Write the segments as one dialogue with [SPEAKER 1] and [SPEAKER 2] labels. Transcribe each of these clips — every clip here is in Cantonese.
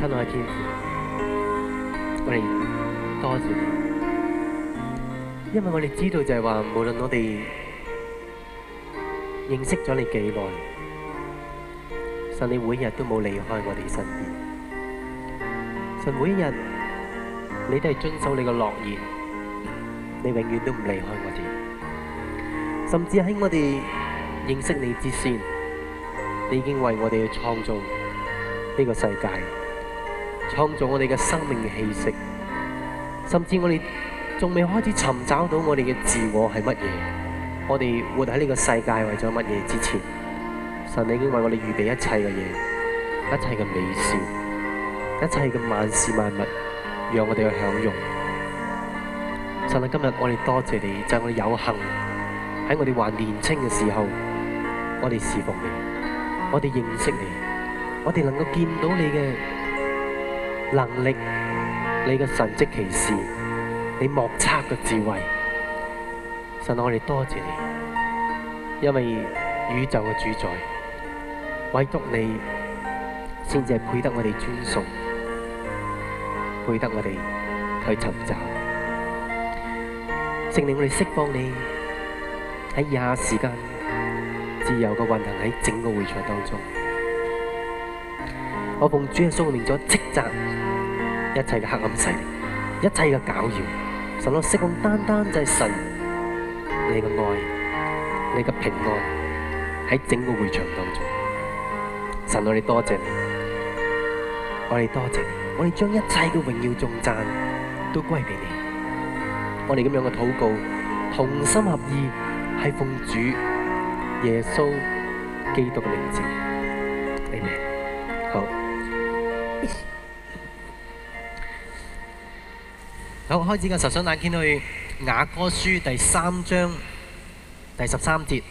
[SPEAKER 1] 親愛的天父，我哋多謝你，因為我哋知道就係話，無論我哋認識咗你幾耐，神你每一日都冇離開我哋身邊，神每一日你都係遵守你個諾言，你永遠都唔離開我哋，甚至喺我哋認識你之前，你已經為我哋去創造呢個世界。創造我哋嘅生命嘅氣息，甚至我哋仲未開始尋找到我哋嘅自我係乜嘢，我哋活喺呢個世界為咗乜嘢之前，神你已經為我哋預備一切嘅嘢，一切嘅美善，一切嘅萬事萬物，讓我哋去享用。神啊，今日我哋多謝，謝你，就係我哋有幸喺我哋還年輕嘅時候，我哋侍奉你，我哋認識你，我哋能夠見到你嘅。能力，你嘅神蹟奇事，你莫測嘅智慧，神我哋多謝你，因為宇宙嘅主宰，唯獨你先至係配得我哋尊崇，配得我哋去尋找，聖靈我哋釋放你喺廿時間自由嘅運行喺整個會場當中，我奉主嘅說明咗稱讚。一切嘅黑暗勢力，一切嘅攪擾，神我釋放單單就係神，你嘅愛，你嘅平安喺整個會場當中，神我哋多謝你，我哋多謝你，我哋將一切嘅榮耀頌讚都歸俾你，我哋咁樣嘅禱告，同心合意係奉主耶穌基督嘅名祈，阿門。好，開始嘅時候，想眼見去雅歌書第三章第十三節。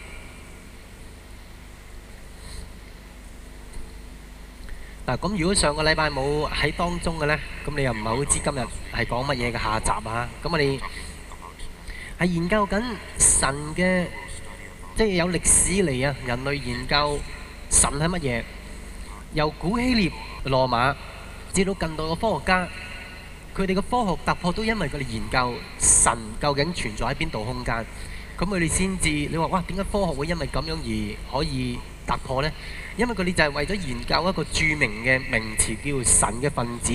[SPEAKER 1] 嗱，咁如果上個禮拜冇喺當中嘅呢，咁你又唔係好知今日係講乜嘢嘅下集啊？咁我哋係研究緊神嘅，即係有歷史嚟啊！人類研究神係乜嘢？由古希臘、羅馬，至到近代嘅科學家。佢哋嘅科學突破都因為佢哋研究神究竟存在喺邊度空間，咁佢哋先至你話哇，點解科學會因為咁樣而可以突破呢？因為佢哋就係為咗研究一個著名嘅名詞叫神嘅分子，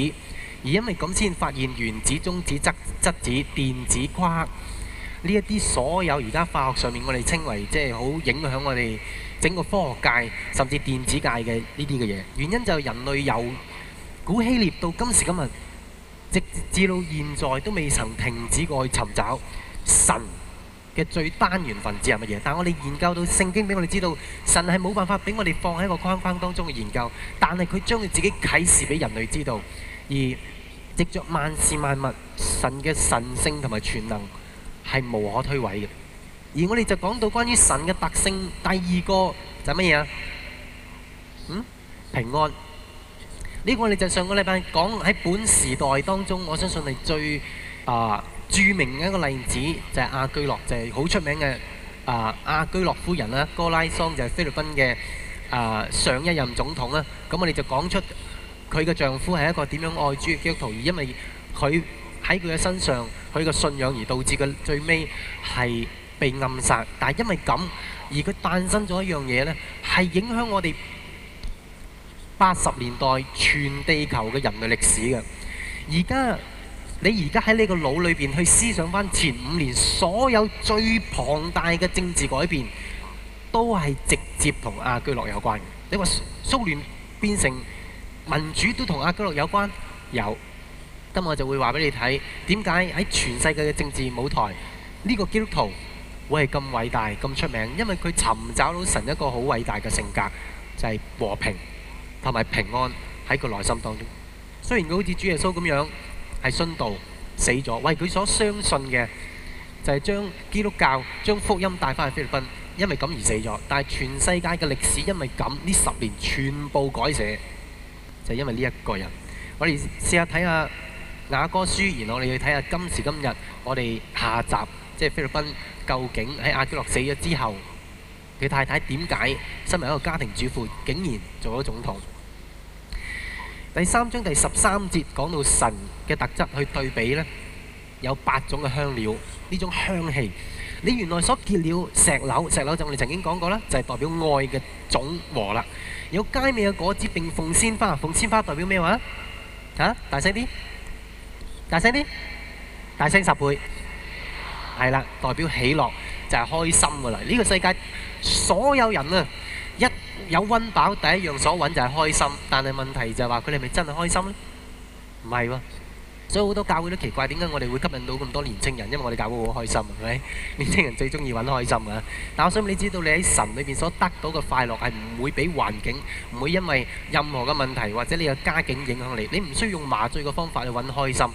[SPEAKER 1] 而因為咁先發現原子、中子、質質子、電子、夸克呢一啲所有而家化學上面我哋稱為即係好影響我哋整個科學界甚至電子界嘅呢啲嘅嘢。原因就係人類由古希臘到今時今日。直至到現在都未曾停止過去尋找神嘅最單元分子係乜嘢，但係我哋研究到聖經俾我哋知道，神係冇辦法俾我哋放喺個框框當中嘅研究，但係佢將佢自己啟示俾人類知道，而藉著萬事萬物，神嘅神性同埋全能係無可推諉嘅，而我哋就講到關於神嘅特性，第二個就係乜嘢啊？嗯，平安。.呢個我哋就上個禮拜講，喺本時代當中，我相信係最啊著名嘅一個例子就係阿居樂，就係好出名嘅啊阿居樂夫人啦，歌拉桑就係菲律賓嘅啊上一任總統啦。咁我哋就講出佢嘅丈夫係一個點樣愛主義基督徒，而因為佢喺佢嘅身上，佢嘅信仰而導致佢最尾係被暗殺。但係因為咁，而佢誕生咗一樣嘢呢，係影響我哋。八十年代全地球嘅人類歷史嘅，而家你而家喺你個腦裏面去思想翻前五年所有最龐大嘅政治改變，都係直接同阿居樂有關的。你話蘇聯變成民主都同阿居樂有關，有。咁我就會話俾你睇點解喺全世界嘅政治舞台呢個基督徒會係咁偉大咁出名，因為佢尋找到神一個好偉大嘅性格，就係和平，同埋平安喺佢內心當中。雖然佢好似主耶穌咁樣係殉道死咗，喂佢所相信嘅就係將基督教將福音帶翻去菲律賓，因為咁而死咗。但係全世界嘅歷史因為咁呢十年全部改寫，就因為呢一個人。我哋試下睇下雅各書，然後我哋去睇下今時今日我哋下集，即係菲律賓究竟喺阿基諾死咗之後，佢太太點解身為一個家庭主婦竟然做咗總統？第三章第十三節講到神嘅特質，去對比呢，有八種嘅香料，呢種香氣。你原來所結了石榴，石榴就我哋曾經講過啦，就係代表愛嘅總和啦。有佳美嘅果子並鳳仙花，鳳仙花代表咩話？嚇！大聲啲，大聲啲，大聲十倍。係啦，代表喜樂就係開心㗎啦。呢個世界所有人啊一。有溫飽，第一樣所揾就係、是、開心，但係問題就係話佢哋咪真係開心咧？唔係喎。所以好多教會都奇怪，點解我哋會吸引到咁多年青人？因為我哋教會好開心，係咪？年青人最中意揾開心啊！但我想你知道，你喺神裏邊所得到嘅快樂，係唔會俾環境，唔會因為任何嘅問題或者你嘅家境影響你。你唔需要用麻醉嘅方法去揾開心，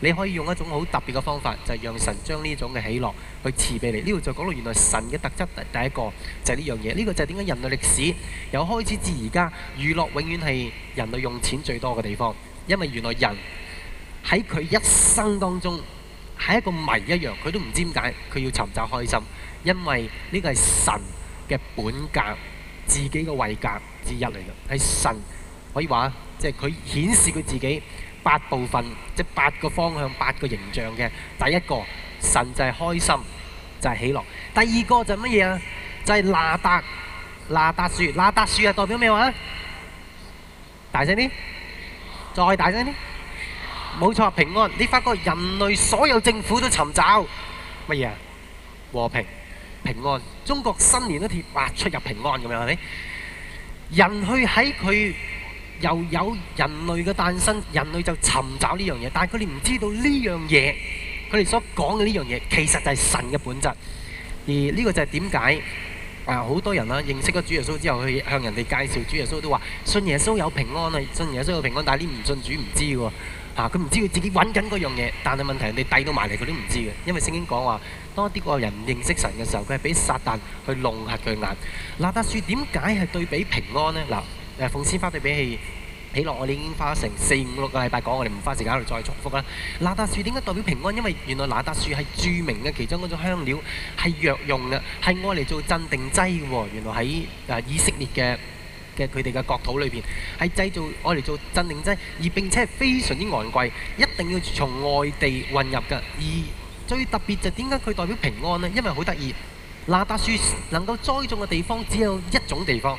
[SPEAKER 1] 你可以用一種好特別嘅方法，就係讓神將呢種嘅喜樂去賜俾你。呢度就講到原來神嘅特質，第一個就係呢樣嘢。呢個就係點解人類歷史由開始至而家，娛樂永遠係人類用錢最多嘅地方，因為原來人。喺佢一生當中，係一個謎一樣，佢都唔知點解，佢要尋找開心，因為呢個係神嘅本格，自己嘅位格之一嚟嘅，係神可以話，即係佢顯示佢自己八部分，即係八個方向、八個形象嘅。第一個神就係開心，就係喜樂。第二個就係乜嘢啊？就係哪噠，哪噠樹，哪噠樹啊代表咩話？大聲啲，再大聲啲。冇錯，平安。你發覺人類所有政府都尋找乜嘢啊？和平、平安。中國新年都貼話出入平安咁樣係咪？人去喺佢由有人類嘅誕生，人類就尋找呢樣嘢。但係佢哋唔知道呢樣嘢，佢哋所講嘅呢樣嘢，其實就係神嘅本質。而呢個就係點解啊？好多人啦，認識咗主耶穌之後，去向人哋介紹主耶穌，都話信耶穌有平安啊，信耶穌有平安。但係啲唔信主唔知㗎。嚇！佢唔知佢自己揾緊嗰樣嘢，但係問題你遞到埋嚟，佢都唔知嘅，因為聖經講話，當一啲個人唔認識神嘅時候，佢係俾撒但去弄瞎佢眼。哪噠樹點解係對比平安咧？嗱，誒，鳳仙花對比起起落，我哋已經花成四五六個禮拜講，我哋唔花時間喺度再重複啦。哪噠樹點解代表平安？因為原來哪噠樹係著名嘅其中嗰種香料，係藥用嘅，係愛嚟做鎮定劑嘅喎。原來喺誒以色列嘅。嘅佢哋嘅國土裏面係製造我哋做鎮定劑，而並且係非常之昂貴，一定要從外地運入嘅。而最特別就點解佢代表平安呢？因為好得意，哪噠樹能夠栽種嘅地方只有一種地方，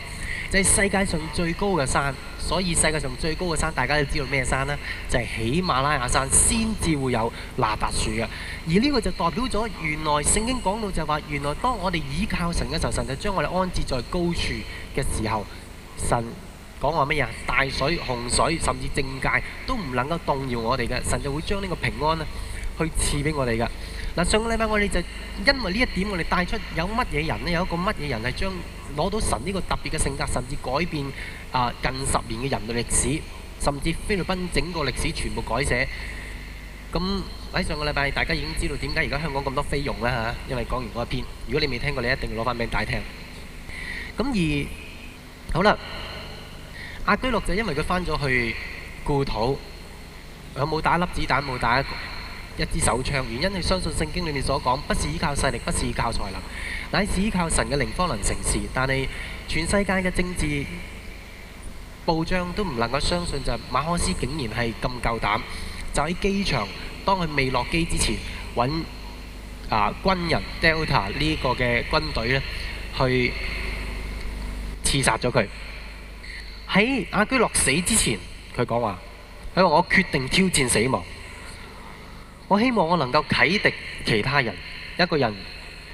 [SPEAKER 1] 就係世界上最高嘅山。所以世界上最高嘅山，大家都知道咩山呢？就係喜馬拉雅山先至會有哪噠樹嘅。而呢個就代表咗，原來聖經講到就話，原來當我哋倚靠神嘅時候，神就將我哋安置在高處嘅時候。神講話乜嘢呀？大水、洪水，甚至政界都唔能夠動搖我哋嘅神，就會將呢個平安啊，去賜俾我哋嘅。嗱，上個禮拜我哋就因為呢一點，我哋帶出有乜嘢人咧？有一個乜嘢人係將攞到神呢個特別嘅性格，甚至改變啊近十年嘅人類歷史，甚至菲律賓整個歷史全部改寫。咁喺上個禮拜，大家已經知道點解而家香港咁多菲傭啦嚇，因為講完嗰一篇。如果你未聽過，你一定要攞翻俾大聽。咁而好啦，阿居洛就因為佢返咗去故土，佢冇打粒子彈，冇打一支手槍。原因係相信聖經裏面所講，不是依靠勢力，不是依靠才能，乃是依靠神嘅靈方能成事。但係全世界嘅政治部長都唔能夠相信，就馬可斯竟然係咁夠膽，就喺機場當佢未落機之前，揾啊、呃、軍人 Delta 呢個嘅軍隊呢去。刺殺咗佢。喺阿居樂死之前，佢講話，佢話我決定挑戰死亡。我希望我能夠啟迪其他人，一個人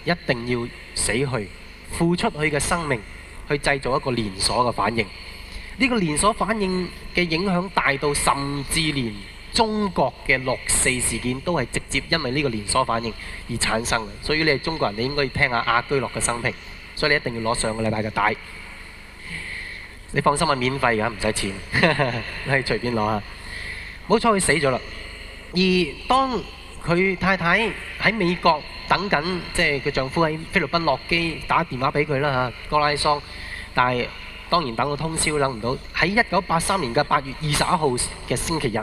[SPEAKER 1] 一定要死去，付出佢嘅生命去製造一個連鎖嘅反應。呢、這個連鎖反應嘅影響大到，甚至連中國嘅六四事件都係直接因為呢個連鎖反應而產生嘅。所以你係中國人，你應該要聽下阿居樂嘅生平，所以你一定要攞上個禮拜嘅帶。你放心啊，免費㗎，唔使錢，你隨便攞嚇。冇錯，佢死咗啦。而當佢太太喺美國等緊，即係佢丈夫喺菲律賓落機，打電話俾佢啦嚇，歌拉桑。但係當然等到通宵，等唔到。喺一九八三年嘅八月二十一號嘅星期日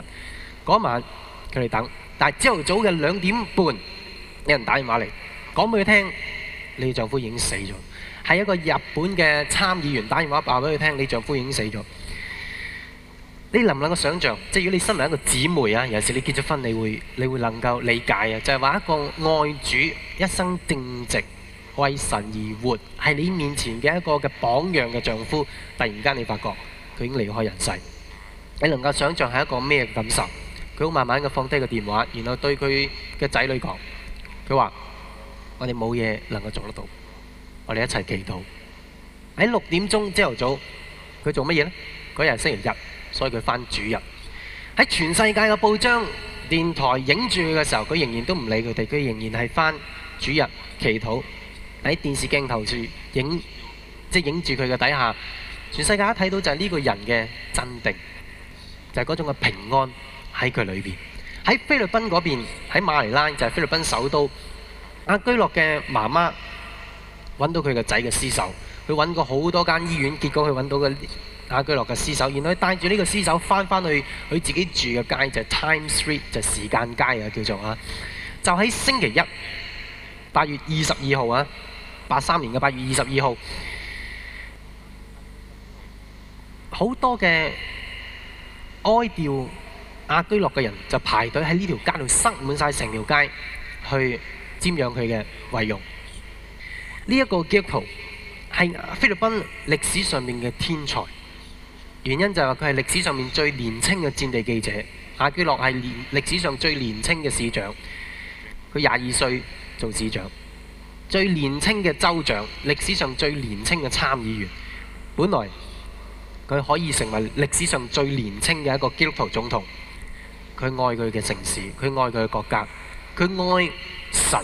[SPEAKER 1] 嗰晚，佢哋等。但係朝頭早嘅兩點半，有人打電話嚟，講俾佢聽，你丈夫已經死咗。係一個日本嘅參議員打電話話俾佢聽：你丈夫已經死咗。你能唔能夠想像？即係如果你身為一個姊妹啊，尤其是你結咗婚，你會你會能夠理解啊？就係話一個愛主、一生正直，為神而活，係你面前嘅一個嘅榜樣嘅丈夫。突然間你發覺佢已經離開人世，你能夠想像係一個咩感受？佢好慢慢嘅放低個電話，然後對佢嘅仔女講：佢話我哋冇嘢能夠做得到。我哋一齊祈禱。喺六點鐘朝頭早，佢做乜嘢呢？嗰日星期日，所以佢返主日。喺全世界嘅報章、電台影住佢嘅時候，佢仍然都唔理佢哋，佢仍然係返主日祈禱。喺電視鏡頭處影，即係影住佢嘅底下，全世界一睇到就係呢個人嘅鎮定，就係嗰種嘅平安喺佢裏邊。喺菲律賓嗰邊，喺馬尼拉就係菲律賓首都阿居洛嘅媽媽。搵到佢個仔嘅屍首，佢搵過好多間醫院，結果佢搵到個阿居樂嘅屍首。然後佢帶住呢個屍首翻返去佢自己住嘅街，就係、Time Street 就係時間街啊，叫做啊，就喺星期一八月二十二號啊，八三年嘅八月二十二號，好多嘅哀悼阿居樂嘅人就排隊喺呢條街度，塞滿晒成條街去瞻仰佢嘅遺容。呢一個 Gilpo 係菲律賓歷史上面嘅天才，原因就係佢係歷史上面最年輕嘅戰地記者。阿基洛係歷史上最年輕嘅市長，佢廿二歲做市長，最年輕嘅州長，歷史上最年輕嘅參議員。本來佢可以成為歷史上最年輕嘅一個 Gilpo 總統。佢愛佢嘅城市，佢愛佢嘅國家，佢愛神。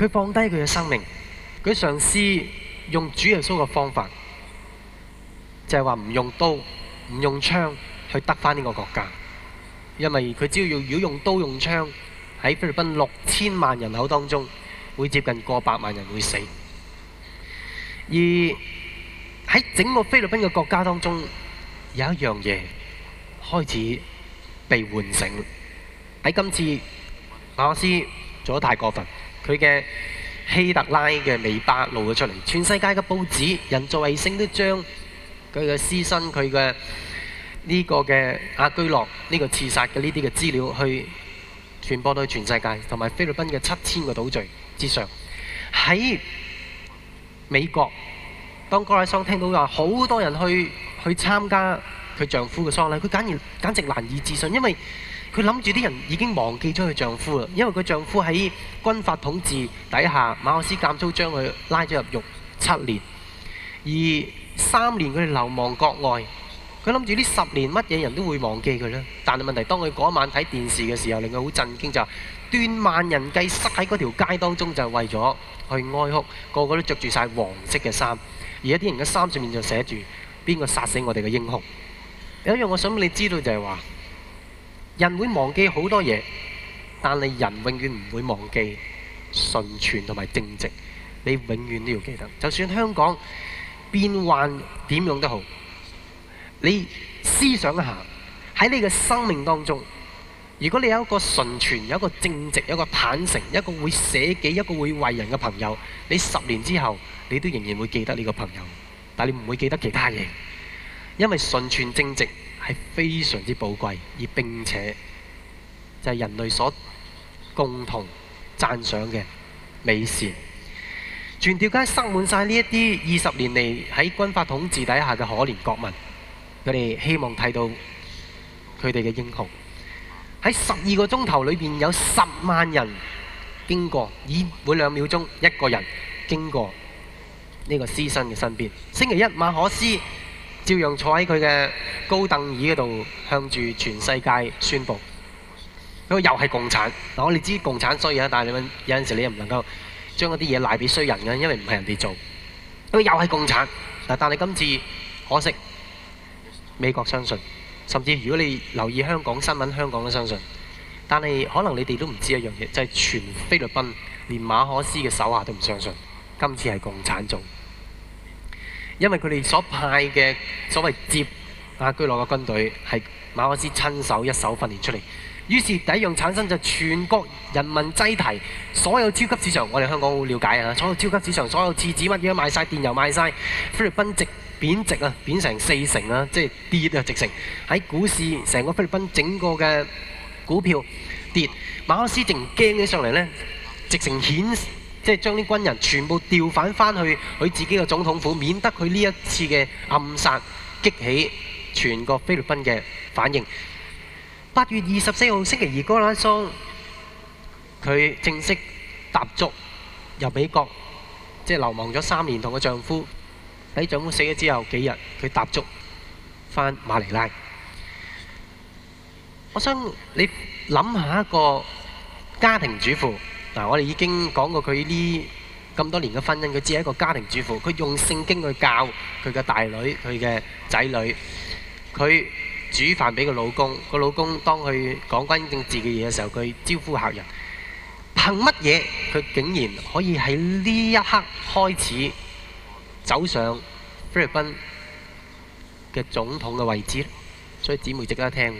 [SPEAKER 1] 佢放低佢嘅生命，佢嘗試用主耶穌嘅方法，就係話唔用刀、唔用槍去得翻呢個國家，因為佢只要要如果用刀用槍喺菲律賓六千萬人口當中，會接近過百萬人會死。而喺整個菲律賓嘅國家當中，有一樣嘢開始被喚醒。喺今次馬可斯做得太過分。佢嘅希特拉嘅尾巴露咗出嚟，全世界嘅報紙人造衛星都將佢嘅私生、佢嘅呢個嘅阿居洛呢、呢個刺殺嘅呢啲嘅資料去傳播到全世界，同埋菲律賓嘅七千個島嶼之上。喺美國，當歌拉桑聽到話好多人去去參加佢丈夫嘅喪禮，佢簡然簡直難以置信，因為。佢諗住啲人已經忘記咗佢丈夫啦，因為佢丈夫喺軍閥統治底下，馬克思監操將佢拉咗入獄七年，而三年佢哋流亡國外。佢諗住呢十年乜嘢人都會忘記佢啦。但係問題當佢嗰晚睇電視嘅時候，令佢好震驚就係，斷萬人計曬喺嗰條街當中就係為咗去哀哭，個個都著住曬黃色嘅衫，而一啲人嘅衫上面就寫住邊個殺死我哋嘅英雄。有一樣我想俾你知道就係話。人會忘記好多嘢，但你人永遠唔會忘記純全同埋正直。你永遠都要記得，就算香港變幻點樣用都好。你思想一下，喺你嘅生命當中，如果你有一個純全、有一個正直、有一個坦誠、有一個會捨己、有一個會為人嘅朋友，你十年之後，你都仍然會記得你個朋友。但你唔會記得其他嘢，因為純全正直係非常之寶貴，而並且就係人類所共同讚賞嘅美事。全條街塞滿晒呢一啲二十年嚟喺軍法統治底下嘅可憐國民，佢哋希望睇到佢哋嘅英雄。喺十二個鐘頭裏邊有十萬人經過，以每兩秒鐘一個人經過呢個屍身嘅身邊。星期一，馬可思。照樣坐喺佢嘅高凳椅嗰度，向住全世界宣布。佢又係共產。嗱，我哋知共產衰啊，但係你有陣時你又唔能夠將嗰啲嘢賴俾衰人嘅，因為唔係人哋做。佢又係共產。嗱，但係今次可惜，美國相信，甚至如果你留意香港新聞，香港都相信。但係可能你哋都唔知一樣嘢，就係全菲律賓連馬可思嘅手下都唔相信，今次係共產做。因為佢哋所派嘅所謂接阿居羅嘅軍隊係馬克思親手一手訓練出嚟，於是第一樣產生就全國人民擠提。所有超級市場我哋香港好了解啊，所有超級市場所有廁紙乜嘢都賣晒，電油賣晒，菲律賓值貶值啊，貶成四成啊，即係跌啊直成，喺股市成個菲律賓整個嘅股票跌，馬克思仲驚起上嚟咧，直成顯。即係將啲軍人全部調返返去佢自己嘅總統府，免得佢呢一次嘅暗殺激起全國菲律賓嘅反應。八月二十四號星期二，歌拉桑佢正式踏足由美國，即係流亡咗三年同個丈夫喺丈夫死咗之後幾日，佢踏足翻馬尼拉。我想你諗下一個家庭主婦。嗱，我哋已經講過佢呢咁多年嘅婚姻，佢只係一個家庭主婦。佢用聖經去教佢嘅大女、佢嘅仔女。佢煮飯俾個老公，個老公當佢講緊政治嘅嘢嘅時候，佢招呼客人。憑乜嘢佢竟然可以喺呢一刻開始走上菲律賓嘅總統嘅位置呢？所以姊妹值得聽，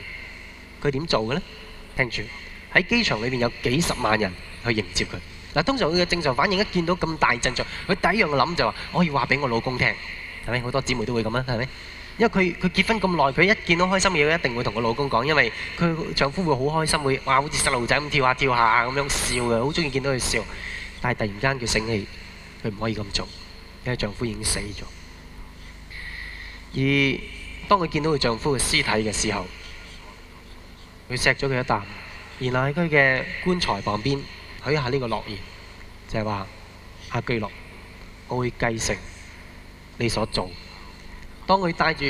[SPEAKER 1] 佢點做嘅呢？聽住喺機場裏面有幾十萬人。去迎接佢。嗱，通常佢嘅正常反應一見到咁大陣象，佢第一樣嘅諗就話：可以話俾我老公聽，係咪？好多姊妹都會咁樣，係咪？因為佢佢結婚咁耐，佢一見到開心嘅嘢一定會同我老公講，因為佢丈夫會好開心，會哇好似細路仔咁跳下跳下咁樣笑嘅，好中意見到佢笑。但係突然間佢醒起，佢唔可以咁做，因為丈夫已經死咗。而當佢見到佢丈夫嘅屍體嘅時候，佢錫咗佢一啖，然後喺佢嘅棺材旁邊。許下呢個諾言，就係、是、話阿基諾，我會繼承你所做。當佢帶住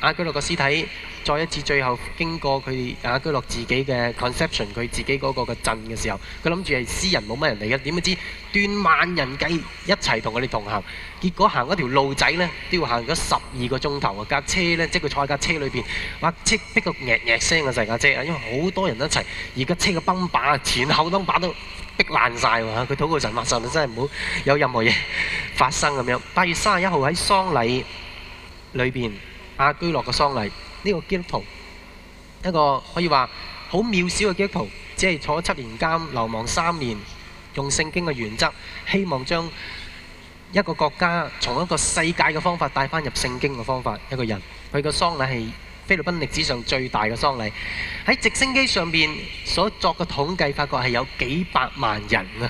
[SPEAKER 1] 阿基諾個屍體。再一次，最後經過佢阿居樂自己嘅 conception，佢自己嗰個嘅鎮嘅時候，佢諗住係私人冇乜人嚟嘅，點知斷萬人計一齊同佢哋同行。結果行嗰條路仔呢，都要行咗十二個鐘頭啊！架車呢，即係佢坐喺架車裏邊，哇、啊！即逼到嘜嘜聲嘅成架車啊，因為好多人一齊。而家車嘅崩把前後燈把都逼爛晒喎。佢禱告神，發神，真係唔好有任何嘢發生咁樣。八月三十一號喺喪禮裏邊，阿居樂嘅喪禮。呢個基督徒，一個可以話好渺小嘅基督徒，只係坐咗七年監、流亡三年，用聖經嘅原則，希望將一個國家從一個世界嘅方法帶翻入聖經嘅方法。一個人，佢個喪禮係菲律賓歷史上最大嘅喪禮。喺直升機上面所作嘅統計，發覺係有幾百萬人啊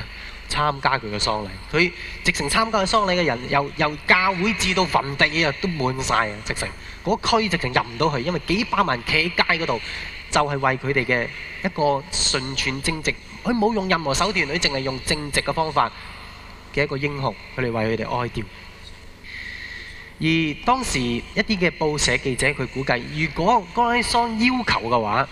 [SPEAKER 1] 參加佢嘅喪禮。佢直情參加佢喪禮嘅人，由由教會至到墳地啊，都滿晒啊！直情。個區直情入唔到去，因為幾百萬企喺街嗰度，就係為佢哋嘅一個純全正直。佢冇用任何手段，佢淨係用正直嘅方法嘅一個英雄，佢哋為佢哋哀悼。而當時一啲嘅報社記者，佢估計，如果歌拉桑要求嘅話，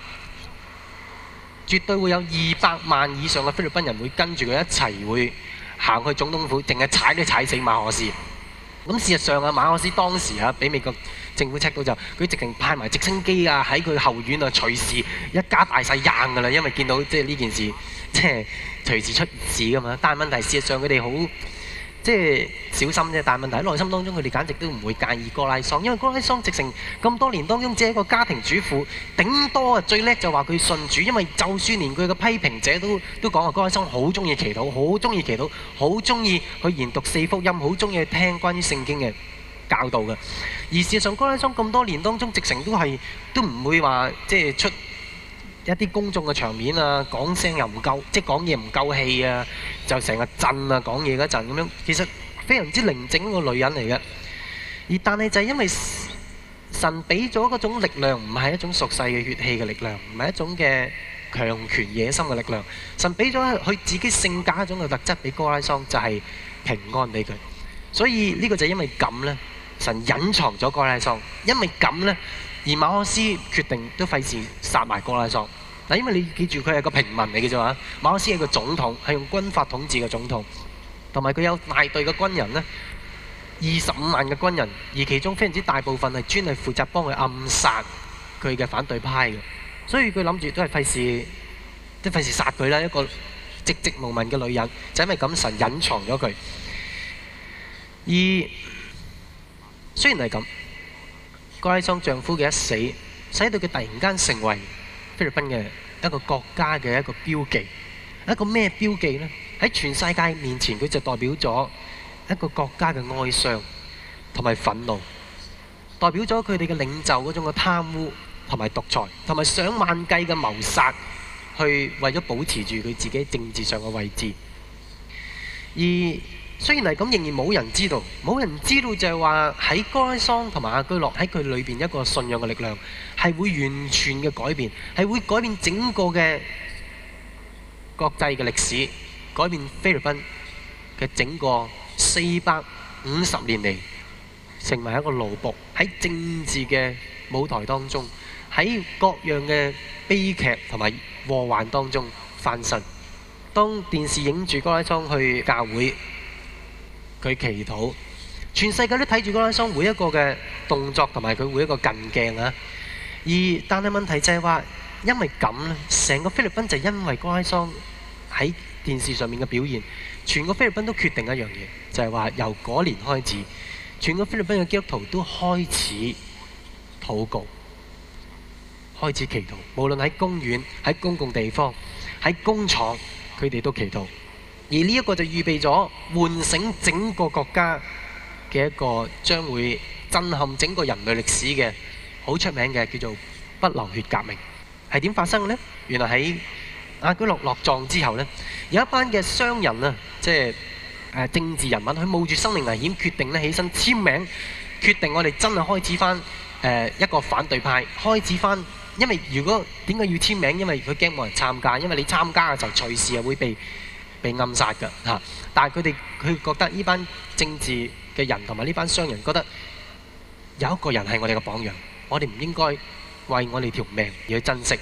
[SPEAKER 1] 絕對會有二百萬以上嘅菲律賓人會跟住佢一齊會行去總統府，淨係踩都踩死馬可斯。咁事實上啊，馬可斯當時啊，俾美國。政府 check 到就佢，是，直情派埋直升機啊，喺佢後院啊，隨時一家大細扔噶啦，因為見到即係呢件事即係隨時出事噶嘛。但係問題事實上佢哋好即係小心啫。但係問題喺內心當中佢哋簡直都唔會介意歌拉桑，因為歌拉桑直情咁多年當中只係一個家庭主婦，頂多啊最叻就話佢信主，因為就算連佢嘅批評者都都講話歌拉桑好中意祈禱，好中意祈禱，好中意去研讀四福音，好中意去聽關於聖經嘅。教導嘅，而事實上，歌拉桑咁多年當中，直情都係都唔會話即係出一啲公眾嘅場面啊，講聲又唔夠，即係講嘢唔夠氣啊，就成日震啊講嘢嗰陣咁樣。其實非常之寧靜一個女人嚟嘅，而但係就係因為神俾咗嗰種力量，唔係一種俗世嘅血氣嘅力量，唔係一種嘅強權野心嘅力量。神俾咗佢自己性格一種嘅特質俾歌拉桑，就係平安俾佢。所以呢個就係因為咁咧。神隱藏咗哥拉桑，因為咁咧，而馬可斯決定都費事殺埋哥拉桑。嗱，因為你記住佢係個平民嚟嘅啫嘛，馬可斯係個總統，係用軍法統治嘅總統，同埋佢有大隊嘅軍人咧，二十五萬嘅軍人，而其中非常之大部分係專係負責幫佢暗殺佢嘅反對派嘅。所以佢諗住都係費事，即費事殺佢啦，一個籍籍無聞嘅女人。就因為咁，神隱藏咗佢。而。雖然係咁，歌拉桑丈夫嘅一死，使到佢突然間成為菲律賓嘅一個國家嘅一個標記，一個咩標記呢？喺全世界面前，佢就代表咗一個國家嘅哀傷同埋憤怒，代表咗佢哋嘅領袖嗰種嘅貪污同埋獨裁，同埋上萬計嘅謀殺，去為咗保持住佢自己政治上嘅位置。而雖然係咁，仍然冇人知道，冇人知道就係話喺歌拉桑同埋阿居樂喺佢裏邊一個信仰嘅力量係會完全嘅改變，係會改變整個嘅國際嘅歷史，改變菲律賓嘅整個四百五十年嚟成為一個奴僕喺政治嘅舞台當中，喺各樣嘅悲劇同埋禍患當中翻身。當電視影住歌拉桑去教會。佢祈禱，全世界都睇住歌拉桑每一個嘅動作同埋佢每一個近鏡啊！而但係問題就係話，因為咁成個菲律賓就因為歌拉桑喺電視上面嘅表現，全個菲律賓都決定一樣嘢，就係話由嗰年開始，全個菲律賓嘅基督徒都開始禱告，開始祈禱，無論喺公園、喺公共地方、喺工廠，佢哋都祈禱。而呢一個就預備咗喚醒整個國家嘅，一個將會震撼整個人類歷史嘅好出名嘅叫做不流血革命，係點發生嘅咧？原來喺阿居落落葬之後呢，有一班嘅商人啊，即係政治人物，佢冒住生命危險決定咧起身簽名，決定我哋真係開始翻、呃、一個反對派，開始翻。因為如果點解要簽名？因為佢驚冇人參加，因為你參加嘅時候隨時係會被。被暗殺㗎嚇！但係佢哋佢覺得呢班政治嘅人同埋呢班商人覺得有一個人係我哋嘅榜樣，我哋唔應該為我哋條命而去珍惜。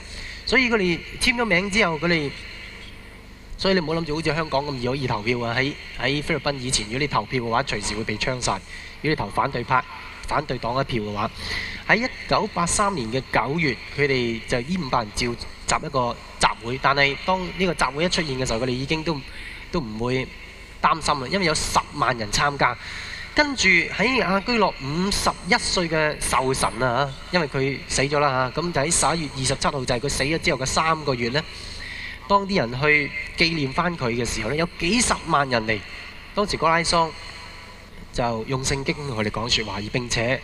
[SPEAKER 1] 所以佢哋簽咗名之後，佢哋所以你唔好諗住好似香港咁易可以投票啊！喺喺菲律賓以前，如果你投票嘅話，隨時會被槍殺。如果你投反對派、反對黨一票嘅話，喺一九八三年嘅九月，佢哋就呢五百人照。集一個集會，但係當呢個集會一出現嘅時候，佢哋已經都都唔會擔心啦，因為有十萬人參加。跟住喺亞居樂五十一歲嘅壽神啊嚇，因為佢死咗啦嚇，咁就喺十一月二十七號就係佢死咗之後嘅三個月咧。當啲人去紀念翻佢嘅時候咧，有幾十萬人嚟。當時歌拉桑就用聖經同佢哋講説話，而並且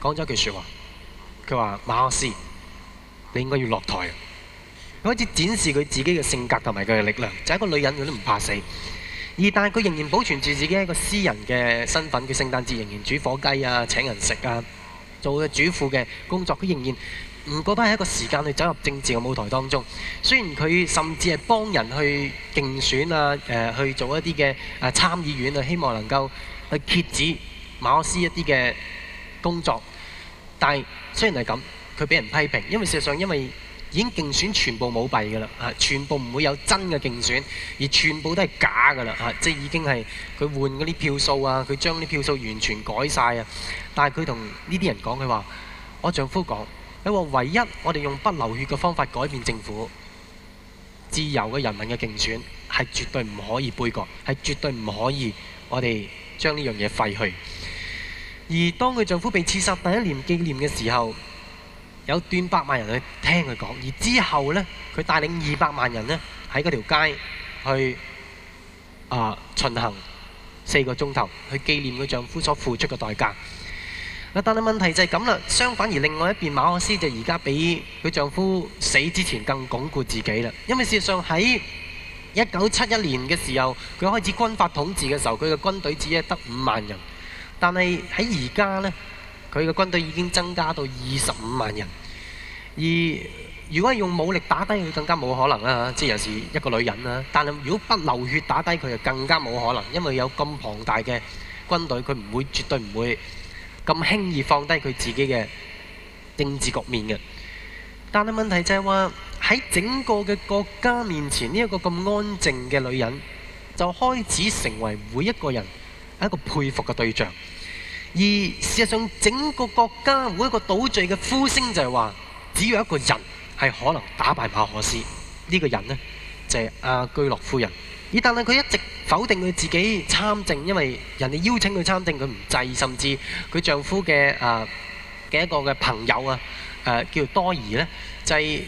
[SPEAKER 1] 講咗一句説話，佢話馬斯。你應該要落台。佢開始展示佢自己嘅性格同埋佢嘅力量，就係、是、一個女人，佢都唔怕死。而但係佢仍然保存住自己一個私人嘅身份，佢聖誕節仍然煮火雞啊、請人食啊、做嘅主婦嘅工作，佢仍然唔覺得係一個時間去走入政治嘅舞台當中。雖然佢甚至係幫人去競選啊、誒、呃、去做一啲嘅誒參議院啊，希望能夠去遏止馬斯一啲嘅工作。但係雖然係咁。佢俾人批評，因為事實上因為已經競選全部舞弊㗎喇，啊，全部唔會有真嘅競選，而全部都係假㗎喇，啊，即係已經係佢換嗰啲票數啊，佢將啲票數完全改晒啊！但係佢同呢啲人講，佢話：我丈夫講，我話唯一我哋用不流血嘅方法改變政府自由嘅人民嘅競選係絕對唔可以背過，係絕對唔可以我哋將呢樣嘢廢去。而當佢丈夫被刺殺第一年紀念嘅時候，有段百萬人去聽佢講，而之後呢，佢帶領二百萬人呢喺嗰條街去啊巡行四個鐘頭，去紀念佢丈夫所付出嘅代價。啊，但係問題就係咁啦，相反而另外一邊，馬克思就而家比佢丈夫死之前更鞏固自己啦。因為事實上喺一九七一年嘅時候，佢開始軍法統治嘅時候，佢嘅軍隊只係得五萬人，但係喺而家呢，佢嘅軍隊已經增加到二十五萬人，而如果係用武力打低佢，更加冇可能啦。即係又是有時一個女人啦。但係如果不流血打低佢，就更加冇可能，因為有咁龐大嘅軍隊，佢唔會絕對唔會咁輕易放低佢自己嘅政治局面嘅。但係問題就係話喺整個嘅國家面前，呢一個咁安靜嘅女人，就開始成為每一個人一個佩服嘅對象。而事實上，整個國家每一個倒序嘅呼聲就係話，只有一個人係可能打敗馬可斯呢，這個人呢就係、是、阿、呃、居洛夫人。而但係佢一直否定佢自己參政，因為人哋邀請佢參政，佢唔制，甚至佢丈夫嘅啊嘅一個嘅朋友啊，誒、呃、叫多疑呢，就係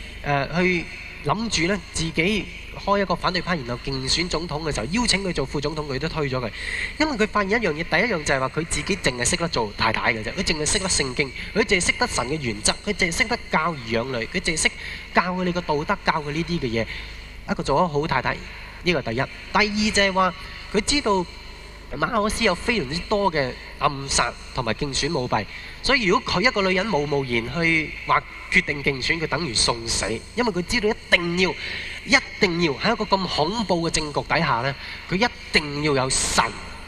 [SPEAKER 1] 去諗住呢自己開一個反對派，然後競選總統嘅時候，邀請佢做副總統，佢都推咗佢。因為佢發現一樣嘢，第一樣就係話佢自己淨係識得做太太嘅啫，佢淨係識得聖經，佢淨係識得神嘅原則，佢淨係識得教兒養女，佢淨係識教佢哋個道德，教佢呢啲嘅嘢。一個做咗好太太，呢個係第一。第二就係話佢知道馬可斯有非常之多嘅暗殺同埋競選舞弊。所以如果佢一個女人冇貿然去話決定競選，佢等於送死，因為佢知道一定要、一定要喺一個咁恐怖嘅政局底下咧，佢一定要有神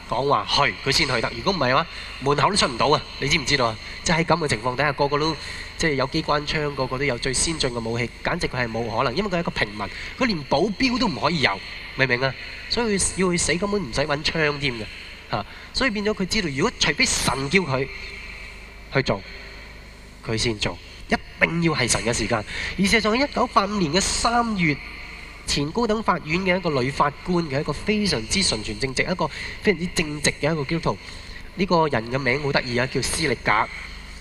[SPEAKER 1] 講話去，佢先去得。如果唔係嘅話，門口都出唔到啊！你知唔知道啊？即係喺咁嘅情況底下，個個都即係有機關槍，個個都有最先進嘅武器，簡直佢係冇可能，因為佢係一個平民，佢連保鏢都唔可以有，明唔明啊？所以佢要去死根本唔使揾槍添㗎，嚇！所以變咗佢知道，如果除非神叫佢。去做，佢先做，一定要係神嘅時間。而且仲喺一九八五年嘅三月，前高等法院嘅一個女法官嘅一個非常之純全正直，一個非常之正直嘅一個基督徒，呢個人嘅名好得意啊，叫斯力格，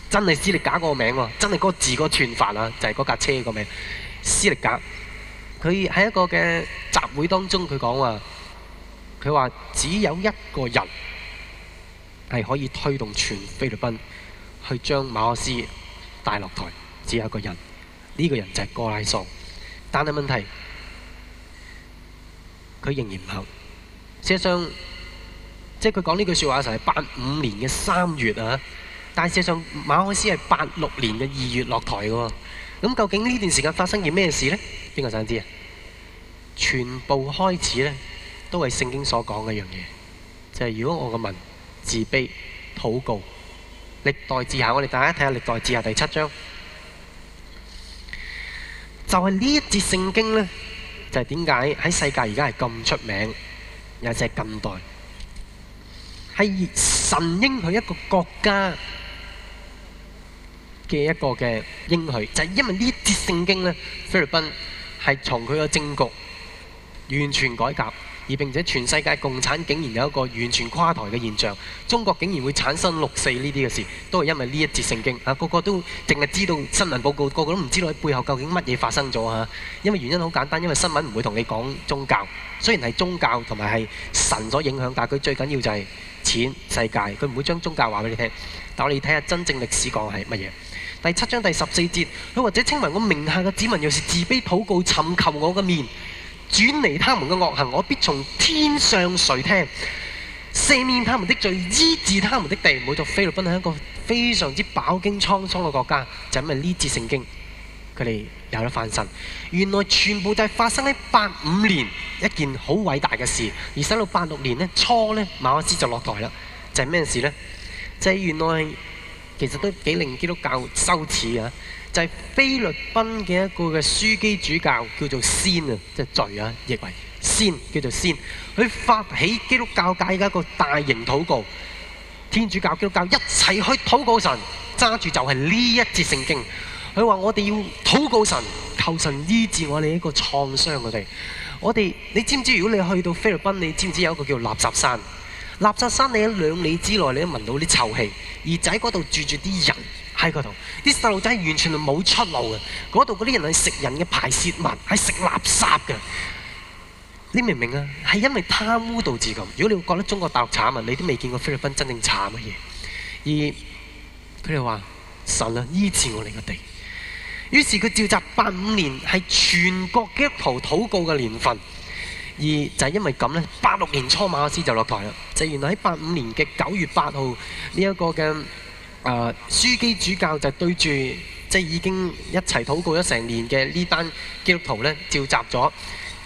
[SPEAKER 1] 真係斯力格嗰個名喎，真係嗰個字嗰串法啊，就係嗰架車個名斯力格。佢喺一個嘅集會當中，佢講話，佢話只有一個人係可以推動全菲律賓，去將馬克思帶落台，只有一個人，呢個人就係歌拉桑。但係問題，佢仍然唔肯。事實上，即係佢講呢句説話嘅時候係八五年嘅三月啊。但係事實上，馬克思係八六年嘅二月落台嘅喎。咁究竟呢段時間發生件咩事呢？邊個想知啊？全部開始呢，都係聖經所講嘅一樣嘢，就係如果我嘅民自卑、禱告。歷代志下，我哋大家睇下歷代志下第七章，就係呢一節聖經呢，就係點解喺世界而家係咁出名，尤其係近代，係神應許一個國家嘅一個嘅應許，就係因為呢一節聖經呢，菲律賓係從佢個政局完全改革。而並且全世界共產竟然有一個完全垮台嘅現象，中國竟然會產生六四呢啲嘅事，都係因為呢一節聖經啊！個個都淨係知道新聞報告，個個都唔知道喺背後究竟乜嘢發生咗吓，啊，因為原因好簡單，因為新聞唔會同你講宗教，雖然係宗教同埋係神所影響，但係佢最緊要就係錢世界，佢唔會將宗教話俾你聽。但我哋睇下真正歷史講係乜嘢。第七章第十四節，佢或者稱為我名下嘅子民，又是自卑禱告尋求我嘅面。轉離他們嘅惡行，我必從天上垂聽，赦免他們的罪，醫治他們的地。每度菲律賓係一個非常之飽經滄桑嘅國家，就因為呢次聖經，佢哋有得翻身。原來全部就係發生喺八五年一件好偉大嘅事，而到八六年呢，初呢馬可斯就落台啦，就係、是、咩事呢？就係、是、原來。其實都幾令基督教羞恥啊！就係菲律賓嘅一個嘅樞機主教叫做仙啊，即係罪啊，譯為仙，叫做仙，佢發起基督教界嘅一個大型禱告。天主教、基督教一齊去禱告神，揸住就係呢一節聖經。佢話我哋要禱告神，求神醫治我哋一個創傷。我哋，我哋，你知唔知？如果你去到菲律賓，你知唔知有一個叫垃圾山？垃圾山，你喺兩里之內，你都聞到啲臭氣，而仔嗰度住住啲人喺嗰度，啲細路仔完全冇出路嘅。嗰度嗰啲人係食人嘅排泄物，係食垃圾嘅。你明唔明啊？係因為貪污導致咁。如果你會覺得中國大陸慘啊，你都未見過菲律賓真正慘嘅嘢。而佢哋話神啊，醫治我哋個地。於是佢召集八五年係全國基督徒禱告嘅年份。而就係因為咁咧，八六年初馬可斯就落台啦。就是、原來喺八五年嘅九月八號呢一個嘅誒、呃、樞機主教就對住即係已經一齊禱告咗成年嘅呢班基督徒呢，召集咗，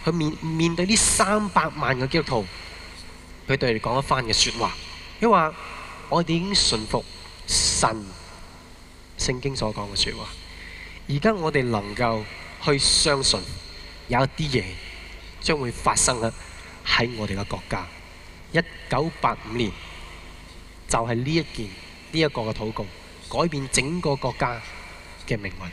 [SPEAKER 1] 佢面面對呢三百萬嘅基督徒，佢對你講一番嘅説話。佢話：我哋已經信服神聖經所講嘅説話，而家我哋能夠去相信有一啲嘢。將會發生嘅喺我哋嘅國家，一九八五年就係、是、呢一件呢一個嘅土共，改變整個國家嘅命運，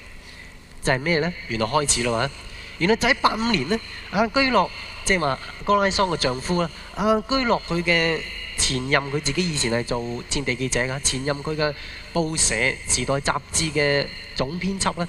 [SPEAKER 1] 就係、是、咩呢？原來開始啦嘛！原來就喺八五年呢，阿、啊、居洛即係話歌拉桑嘅丈夫啦。阿、啊、居洛佢嘅前任，佢自己以前係做戰地記者噶，前任佢嘅報社《時代雜誌》嘅總編輯咧。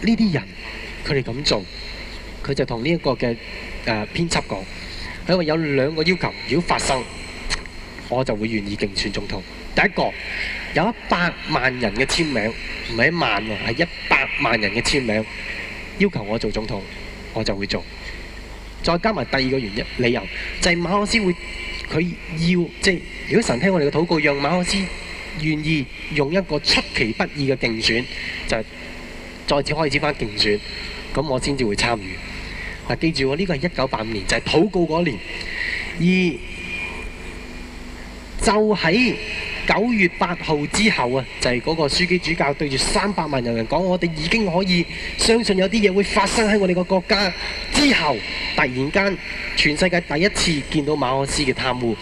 [SPEAKER 1] 呢啲人佢哋咁做，佢就同呢一個嘅誒編輯講，佢、呃、話有兩個要求，如果發生，我就會願意競選總統。第一個有一百萬人嘅簽名，唔係一萬喎，係一百萬人嘅簽名，要求我做總統，我就會做。再加埋第二個原因理由，就係、是、馬克思會，佢要即係、就是，如果神聽我哋嘅禱告，讓馬克思願意用一個出其不意嘅競選，就係、是，再次開始翻競選，咁我先至會參與。啊、記住喎，呢個係一九八五年，就係禱告嗰年。而就喺九月八號之後啊，就係嗰個書記主教對住三百萬人講：我哋已經可以相信有啲嘢會發生喺我哋個國家之後。突然間，全世界第一次見到馬可斯嘅貪污。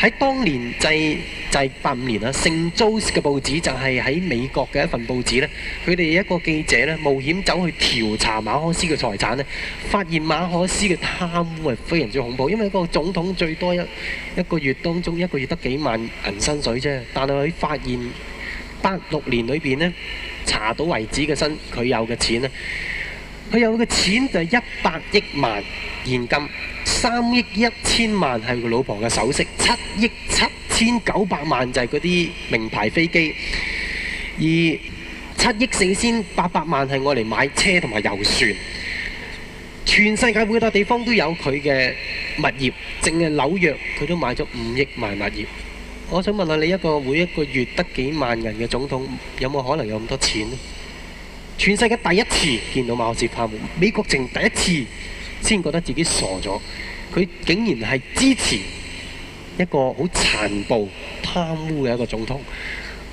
[SPEAKER 1] 喺當年制制八五年啊，姓 z o 嘅報紙就係喺美國嘅一份報紙呢，佢哋一個記者呢，冒險走去調查馬可斯嘅財產呢，發現馬可斯嘅貪污係非常之恐怖。因為一個總統最多一一個月當中，一個月得幾萬銀薪水啫。但係佢發現八六年裏面呢，查到為止嘅身佢有嘅錢佢有個錢就係一百億萬現金，三億一千萬係佢老婆嘅首飾，七億七千九百萬就係嗰啲名牌飛機，而七億四千八百萬係我嚟買車同埋遊船，全世界每一個地方都有佢嘅物業，淨係紐約佢都買咗五億萬物業。我想問下你一個每一個月得幾萬人嘅總統，有冇可能有咁多錢呢？全世界第一次見到馬可斯發夢，美國淨第一次先覺得自己傻咗。佢竟然係支持一個好殘暴貪污嘅一個總統，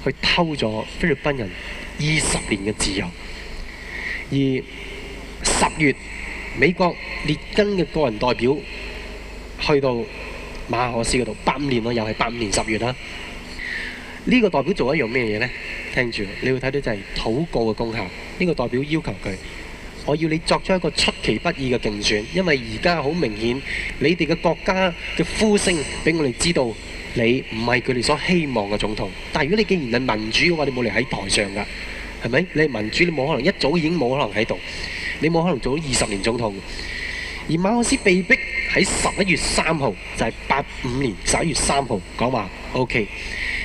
[SPEAKER 1] 去偷咗菲律賓人二十年嘅自由。而十月，美國列根嘅個人代表去到馬可斯嗰度，八五年咯，又係八五年十月啦。呢個代表做一樣咩嘢呢？聽住，你會睇到就係禱告嘅功效。呢個代表要求佢，我要你作出一個出其不意嘅競選，因為而家好明顯，你哋嘅國家嘅呼聲俾我哋知道，你唔係佢哋所希望嘅總統。但係如果你既然係民主嘅話，你冇嚟喺台上㗎，係咪？你係民主，你冇可能一早已經冇可能喺度，你冇可能做咗二十年總統。而馬克思被逼喺十一月三號，就係八五年十一月三號講話 OK。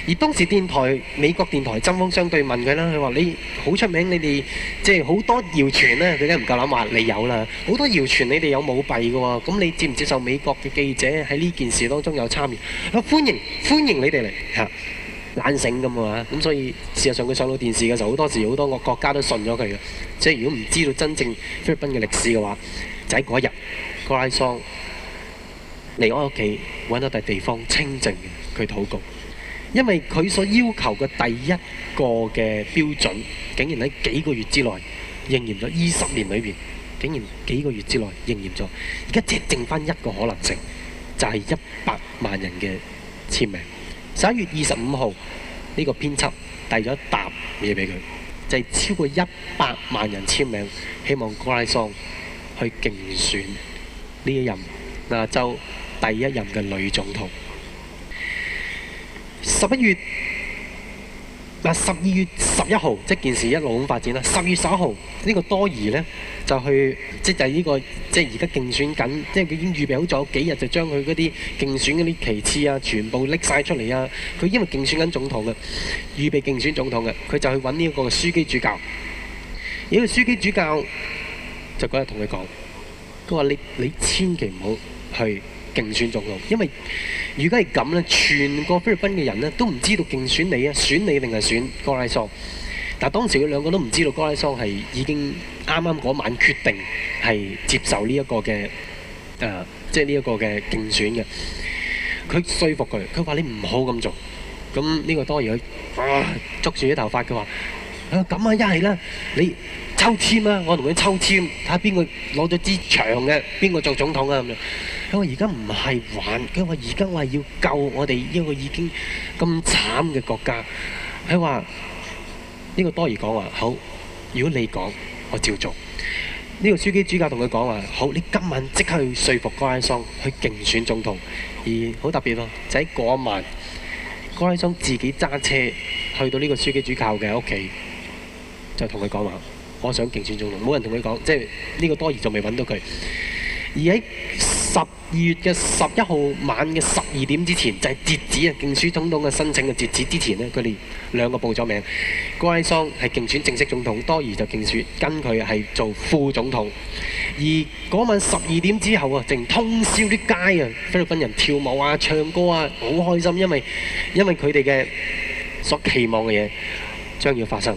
[SPEAKER 1] 而當時電台美國電台針鋒相對問佢啦，佢話：你好出名，你哋即係好多謠傳咧，佢梗唔夠膽話你有啦。好多謠傳你哋有舞弊嘅喎，咁你接唔接受美國嘅記者喺呢件事當中有參與？歡迎歡迎你哋嚟嚇，懶醒咁啊嘛。咁所以事實上佢上到電視嘅時候，好多時好多個國家都信咗佢嘅。即係如果唔知道真正菲律賓嘅歷史嘅話，喺嗰一日，歌拉桑嚟我屋企揾到第地方清靜嘅，佢禱告，因為佢所要求嘅第一個嘅標準，竟然喺幾個月之內應驗咗。二十年裏邊，竟然幾個月之內應驗咗，而家只剩翻一個可能性，就係一百萬人嘅簽名。十一月二十五號呢個編輯遞咗一沓嘢俾佢，就係超過一百萬人簽名，希望歌拉桑。去競選呢一任嗱，就第一任嘅女總統。十一月嗱，十二月十一號，即件事一路咁發展啦。十月十一號呢個多疑呢，就去、是、即、呢個、就係呢個即而家競選緊，即佢已經預備好咗幾日，就將佢嗰啲競選嗰啲旗幟啊，全部拎晒出嚟啊。佢因為競選緊總統嘅，預備競選總統嘅，佢就去揾呢個書記主教，而呢個書記主教。而書記主教就嗰日同佢講，佢話你你千祈唔好去競選總統，因為如果係咁呢，全個菲律賓嘅人呢都唔知道競選你啊，選你定係選歌拉桑。但當時佢兩個都唔知道歌拉桑係已經啱啱嗰晚決定係接受呢一個嘅誒、呃，即係呢一個嘅競選嘅。佢説服佢，佢話你唔好咁做。咁呢個當然佢捉住啲頭髮，佢話咁啊一係啦，你。抽籤啊！我同佢抽籤，睇下邊個攞咗支長嘅，邊個做總統啊？咁樣佢話：而家唔係玩，佢話而家話要救我哋一個已經咁慘嘅國家。佢話呢個多爾講話好，如果你講，我照做。呢、這個書記主教同佢講話好，你今晚即刻去說服歌拉桑去競選總統，而好特別喎、啊，就是、喺嗰晚，歌拉桑自己揸車去到呢個書記主教嘅屋企，就同佢講話。我想競選總統，冇人同佢講，即係呢個多兒仲未揾到佢。而喺十二月嘅十一號晚嘅十二點之前，就係截止啊！競選總統嘅申請嘅截止之前呢，佢哋兩個報咗名。歌拉桑係競選正式總統，多兒就競選跟佢係做副總統。而嗰晚十二點之後啊，成通宵啲街啊，菲律賓人跳舞啊、唱歌啊，好開心，因為因為佢哋嘅所期望嘅嘢將要發生。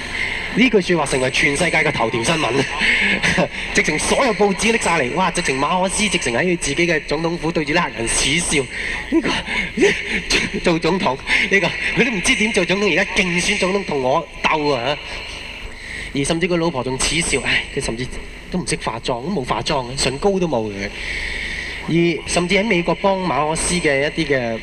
[SPEAKER 1] 呢句説話成為全世界嘅頭條新聞， 直情所有報紙拎晒嚟，哇！直情馬可思，直情喺佢自己嘅總統府對住客人恥笑，呢、呢個做總統呢個佢都唔知點做總統，而家競選總統同我鬥啊！而甚至佢老婆仲恥笑，唉，佢甚至都唔識化妝，都冇化妝，唇膏都冇嘅。而甚至喺美國幫馬可思嘅一啲嘅。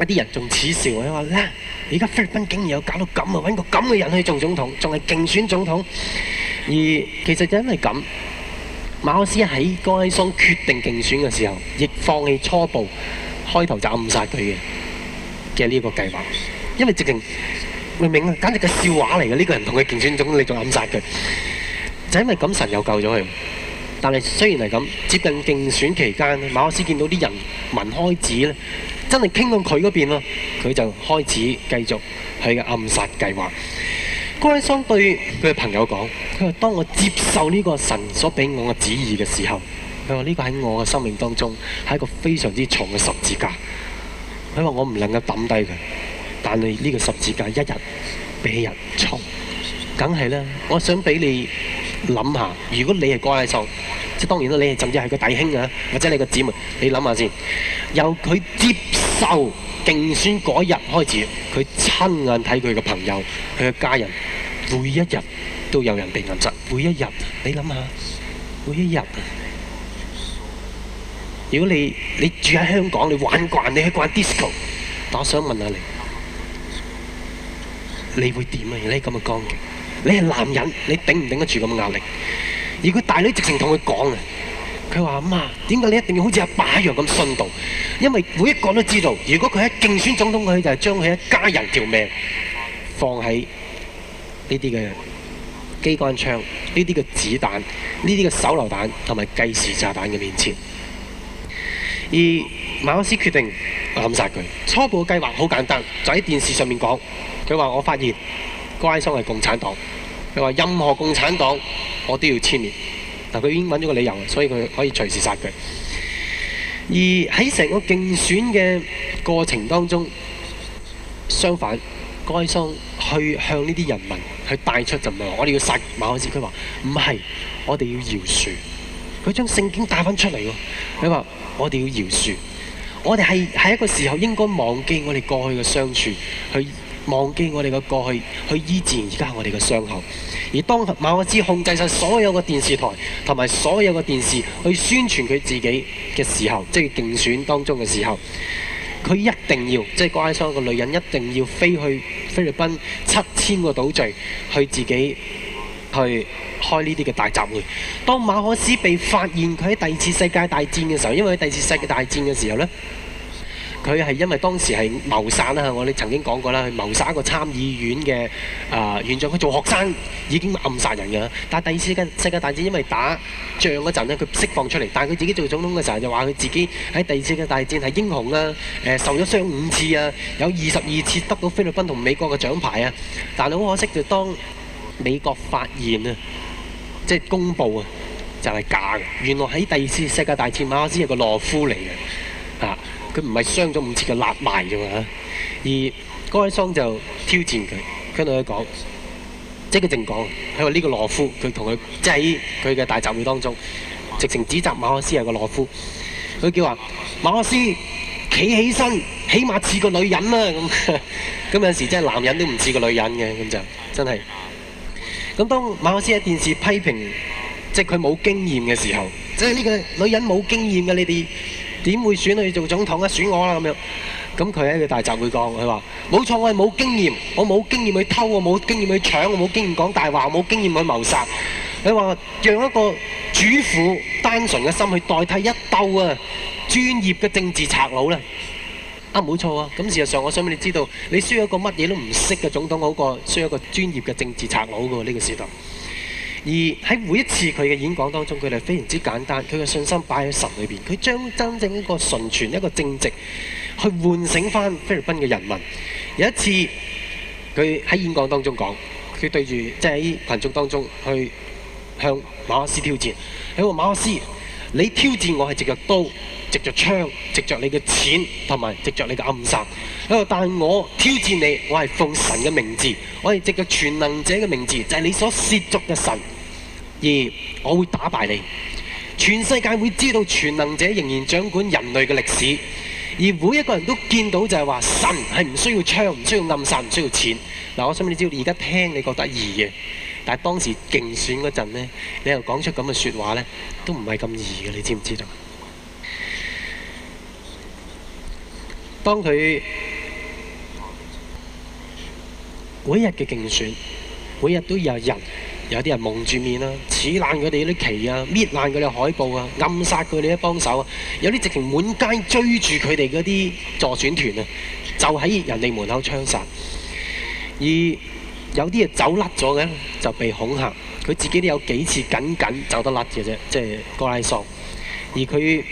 [SPEAKER 1] 一啲人仲恥笑佢話啦，而家菲律賓竟然有搞到咁啊，揾個咁嘅人去做總統，仲係競選總統。而其實就因為咁，馬克思喺歌拉桑決定競選嘅時候，亦放棄初步，開頭就暗殺佢嘅嘅呢個計劃，因為直情明明啊，簡直個笑話嚟嘅，呢個人同佢競選總統，你仲暗殺佢？就因為咁神又救咗佢。但係雖然係咁，接近競選期間，馬克思見到啲人民開始咧。真係傾到佢嗰邊咯，佢就開始繼續佢嘅暗殺計劃。歌拉桑對佢嘅朋友講，佢話當我接受呢個神所俾我嘅旨意嘅時候，佢話呢個喺我嘅生命當中係一個非常之重嘅十字架。佢話我唔能夠抌低佢，但係呢個十字架一日比一日重，梗係啦。我想俾你。諗下，如果你係歌拉桑，即係當然啦，你甚至係個弟兄啊，或者你個姊妹，你諗下先。由佢接受敬孫嗰日開始，佢親眼睇佢嘅朋友、佢嘅家人，每一日都有人被暗殺，每一日你諗下，每一日。如果你你住喺香港，你玩慣，你去慣 disco，但我想問下你，你會點啊？你咁樣光景？你係男人，你頂唔頂得住咁嘅壓力？而佢大女直情同佢講啊，佢話：阿媽，點解你一定要好似阿爸一樣咁順道？因為每一個人都知道，如果佢喺競選總統，佢就係將佢一家人條命放喺呢啲嘅機關槍、呢啲嘅子彈、呢啲嘅手榴彈同埋計時炸彈嘅面前。而馬克斯決定暗殺佢。初步嘅計劃好簡單，就喺、是、電視上面講。佢話：我發現歌拉桑係共產黨。佢話任何共產黨，我都要殲滅。但佢已經揾咗個理由，所以佢可以隨時殺佢。而喺成個競選嘅過程當中，相反，歌拉桑去向呢啲人民去帶出就唔係話我哋要殺馬克思，佢話唔係，我哋要饒恕。佢將聖經帶翻出嚟喎。佢話我哋要饒恕，我哋係喺一個時候應該忘記我哋過去嘅相處去。忘記我哋嘅過去，去醫治而家我哋嘅傷口。而當馬可思控制晒所有嘅電視台同埋所有嘅電視去宣傳佢自己嘅時候，即係競選當中嘅時候，佢一定要即係關心一個女人，一定要飛去菲律賓七千個島嶼去自己去開呢啲嘅大集會。當馬可思被發現佢喺第二次世界大戰嘅時候，因為喺第二次世界大戰嘅時候呢。佢係因為當時係謀殺啦，我哋曾經講過啦，謀殺一個參議院嘅啊，院、呃、長。佢做學生已經暗殺人㗎，但係第二次世界大戰因為打仗嗰陣呢，佢釋放出嚟。但係佢自己做總統嘅時候就話佢自己喺第二次嘅大戰係英雄啦，誒、呃、受咗傷五次啊，有二十二次得到菲律賓同美國嘅獎牌啊。但係好可惜就當美國發現啊，即係公佈啊，就係、是就是、假嘅。原來喺第二次世界大戰，馬可斯係個懦夫嚟嘅啊。佢唔係傷咗五次嘅，攔埋啫嘛嚇，而歌拉桑就挑戰佢，跟佢講，即係佢正講，佢話呢個懦夫，佢同佢即係喺佢嘅大集會當中，直情指責馬克思係個懦夫，佢叫話馬克思企起身，起碼似個女人啦、啊、咁，咁有陣時真係男人都唔似個女人嘅咁就真係，咁當馬克思喺電視批評，即係佢冇經驗嘅時候，即係呢個女人冇經驗嘅呢啲。你點會選你做總統啊？選我啦咁樣。咁佢喺個大集會講，佢話：冇錯，我係冇經驗，我冇經驗去偷，我冇經驗去搶，我冇經驗講大話，冇經驗去謀殺。你話讓一個主婦單純嘅心去代替一鬥啊專業嘅政治賊佬呢。」啊冇錯啊。咁、啊、事實上，我想畀你知道，你需要一個乜嘢都唔識嘅總統，好過需要一個專業嘅政治賊佬嘅喎，呢個時代。而喺每一次佢嘅演講當中，佢哋非常之簡單，佢嘅信心擺喺神裏邊，佢將真正一個純全、一個正直，去喚醒翻菲律賓嘅人民。有一次，佢喺演講當中講，佢對住即係群眾當中去向馬克思挑戰，佢話：馬克思，你挑戰我係藉着刀、藉着槍，藉着你嘅錢同埋藉着你嘅暗殺，佢話：但係我挑戰你，我係奉神嘅名字，我係藉着全能者嘅名字，就係、是、你所涉足嘅神。二，而我會打敗你。全世界會知道全能者仍然掌管人類嘅歷史，而每一個人都見到就係話神係唔需要槍，唔需要暗殺，唔需要錢。嗱，我想畀你知道，知而家聽你覺得易嘅，但係當時競選嗰陣呢，你又講出咁嘅說話呢，都唔係咁易嘅，你知唔知道？當佢每日嘅競選，每日都有人。有啲人蒙住面啦，扯爛佢哋啲旗啊，搣爛佢哋海報啊，暗殺佢哋一幫手啊，有啲直情滿街追住佢哋嗰啲助選團啊，就喺人哋門口槍殺。而有啲人走甩咗嘅，就被恐嚇。佢自己都有幾次緊緊走得甩嘅啫，即係歌拉桑。而佢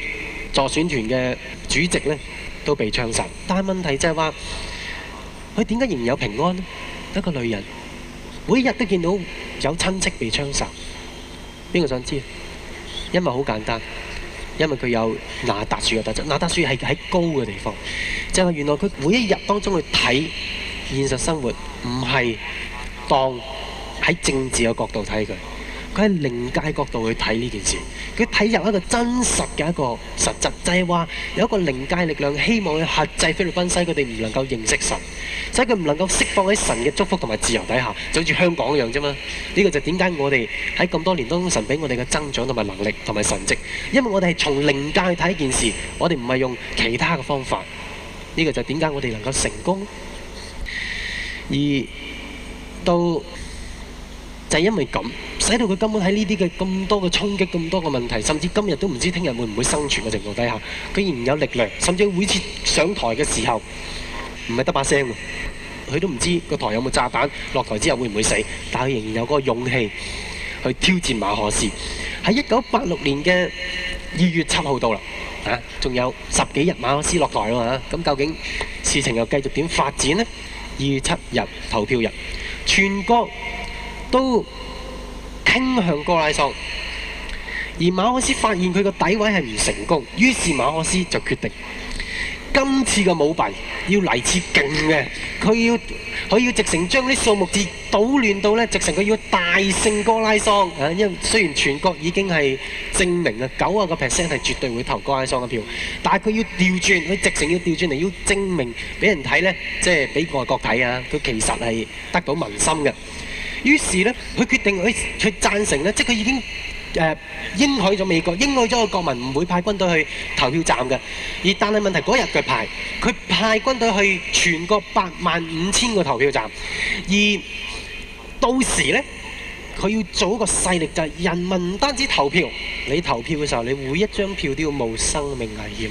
[SPEAKER 1] 助選團嘅主席呢，都被槍殺。但問題就係話，佢點解仍然有平安呢？一個女人。每一日都見到有親戚被槍殺，邊個想知？因為好簡單，因為佢有哪噠樹嘅特質，哪噠樹係喺高嘅地方，就係、是、原來佢每一日當中去睇現實生活，唔係當喺政治嘅角度睇佢。佢喺靈界角度去睇呢件事，佢睇入一個真實嘅一個實質，即係話有一個靈界力量希望去轄制菲律賓西佢哋唔能夠認識神，所以佢唔能夠釋放喺神嘅祝福同埋自由底下，就好似香港一樣啫嘛。呢個就點解我哋喺咁多年當中，神俾我哋嘅增長同埋能力同埋神迹，因為我哋係從靈界去睇一件事，我哋唔係用其他嘅方法。呢個就點解我哋能夠成功，而到。就係因為咁，使到佢根本喺呢啲嘅咁多嘅衝擊、咁多嘅問題，甚至今日都唔知聽日會唔會生存嘅情況底下，佢仍然有力量，甚至每次上台嘅時候，唔係得把聲，佢都唔知個台有冇炸彈，落台之後會唔會死，但係佢仍然有嗰個勇氣去挑戰馬可斯。喺一九八六年嘅二月七號到啦，嚇，仲有十幾日馬可斯落台啦嘛嚇，咁究竟事情又繼續點發展呢？二月七日投票日，全國。都傾向歌拉桑，而馬可斯發現佢個底位係唔成功，於是馬可斯就決定今次嘅舞弊要嚟次勁嘅，佢要，佢要直成將啲數目字倒亂到咧，直成佢要大勝歌拉桑啊！因為雖然全國已經係證明啊，九啊個 percent 係絕對會投歌拉桑嘅票，但係佢要調轉，佢直成要調轉嚟要證明俾人睇咧，即係俾外國睇啊！佢其實係得到民心嘅。於是咧，佢決定去佢贊成咧，即佢已經、呃、應許咗美國，應許咗個國民唔會派軍隊去投票站嘅。而但係問題嗰日嘅排，佢派軍隊去全國八萬五千個投票站，而到時咧，佢要做一個勢力就係、是、人民唔單止投票，你投票嘅時候，你每一張票都要冒生命危險。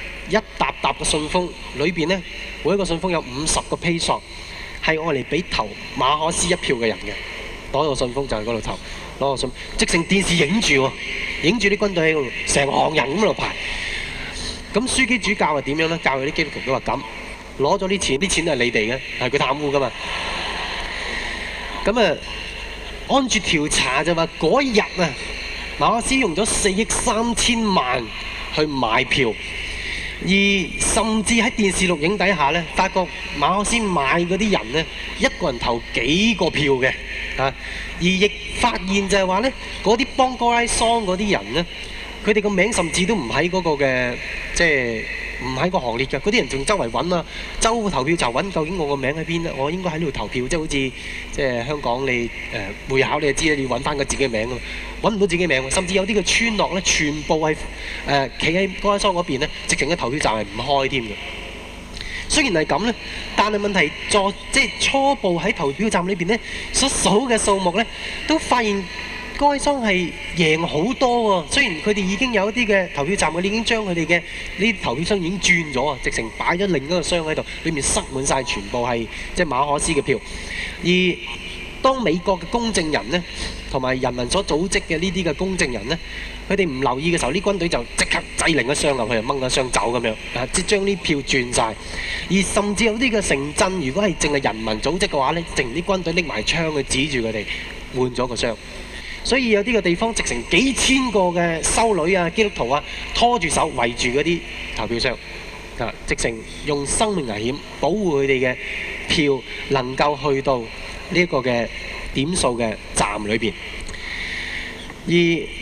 [SPEAKER 1] 一沓沓嘅信封，裏邊呢，每一個信封有五十個披索，係愛嚟俾投馬可斯一票嘅人嘅。攞個信封就喺嗰度投，攞個信，即成電視影住喎，影住啲軍隊喺度，成行人咁喺度排。咁書記主教係點樣呢？教佢啲基督徒都話咁，攞咗啲錢，啲錢係你哋嘅，係佢貪污噶嘛。咁啊，按住調查就話。嗰日啊，馬可斯用咗四億三千萬去買票。而甚至喺電視錄影底下呢，發覺馬克思買嗰啲人呢，一個人投幾個票嘅啊！而亦發現就係話呢，嗰啲幫歌拉桑嗰啲人呢，佢哋個名甚至都唔喺嗰個嘅，即係。唔喺個行列㗎，嗰啲人仲周圍揾啊，周個投票站揾究竟我個名喺邊啊？我應該喺呢度投票，即、就、係、是、好似即係香港你誒會、呃、考你就知道你要揾翻個自己名啊嘛，揾唔到自己的名，甚至有啲嘅村落呢，全部係誒企喺歌拉桑嗰邊咧，直情嘅投票站係唔開添嘅。雖然係咁呢，但係問題在即係初步喺投票站裏邊呢，所數嘅數目呢，都發現。該箱係贏好多喎，雖然佢哋已經有一啲嘅投票站，佢哋已經將佢哋嘅呢啲投票箱已經轉咗啊，直情擺咗另一個箱喺度，裏面塞滿晒全部係即係馬可思嘅票。而當美國嘅公證人呢，同埋人民所組織嘅呢啲嘅公證人呢，佢哋唔留意嘅時候，啲軍隊就即刻擠另一個箱啊，佢就掹個箱走咁樣啊，即係將呢票轉晒。而甚至有啲嘅城鎮，如果係淨係人民組織嘅話呢，淨啲軍隊拎埋槍去指住佢哋換咗個箱。所以有啲嘅地方，直成幾千個嘅修女啊、基督徒啊，拖住手圍住嗰啲投票箱，啊，直成用生命危險保護佢哋嘅票，能夠去到呢一個嘅點數嘅站裏面。而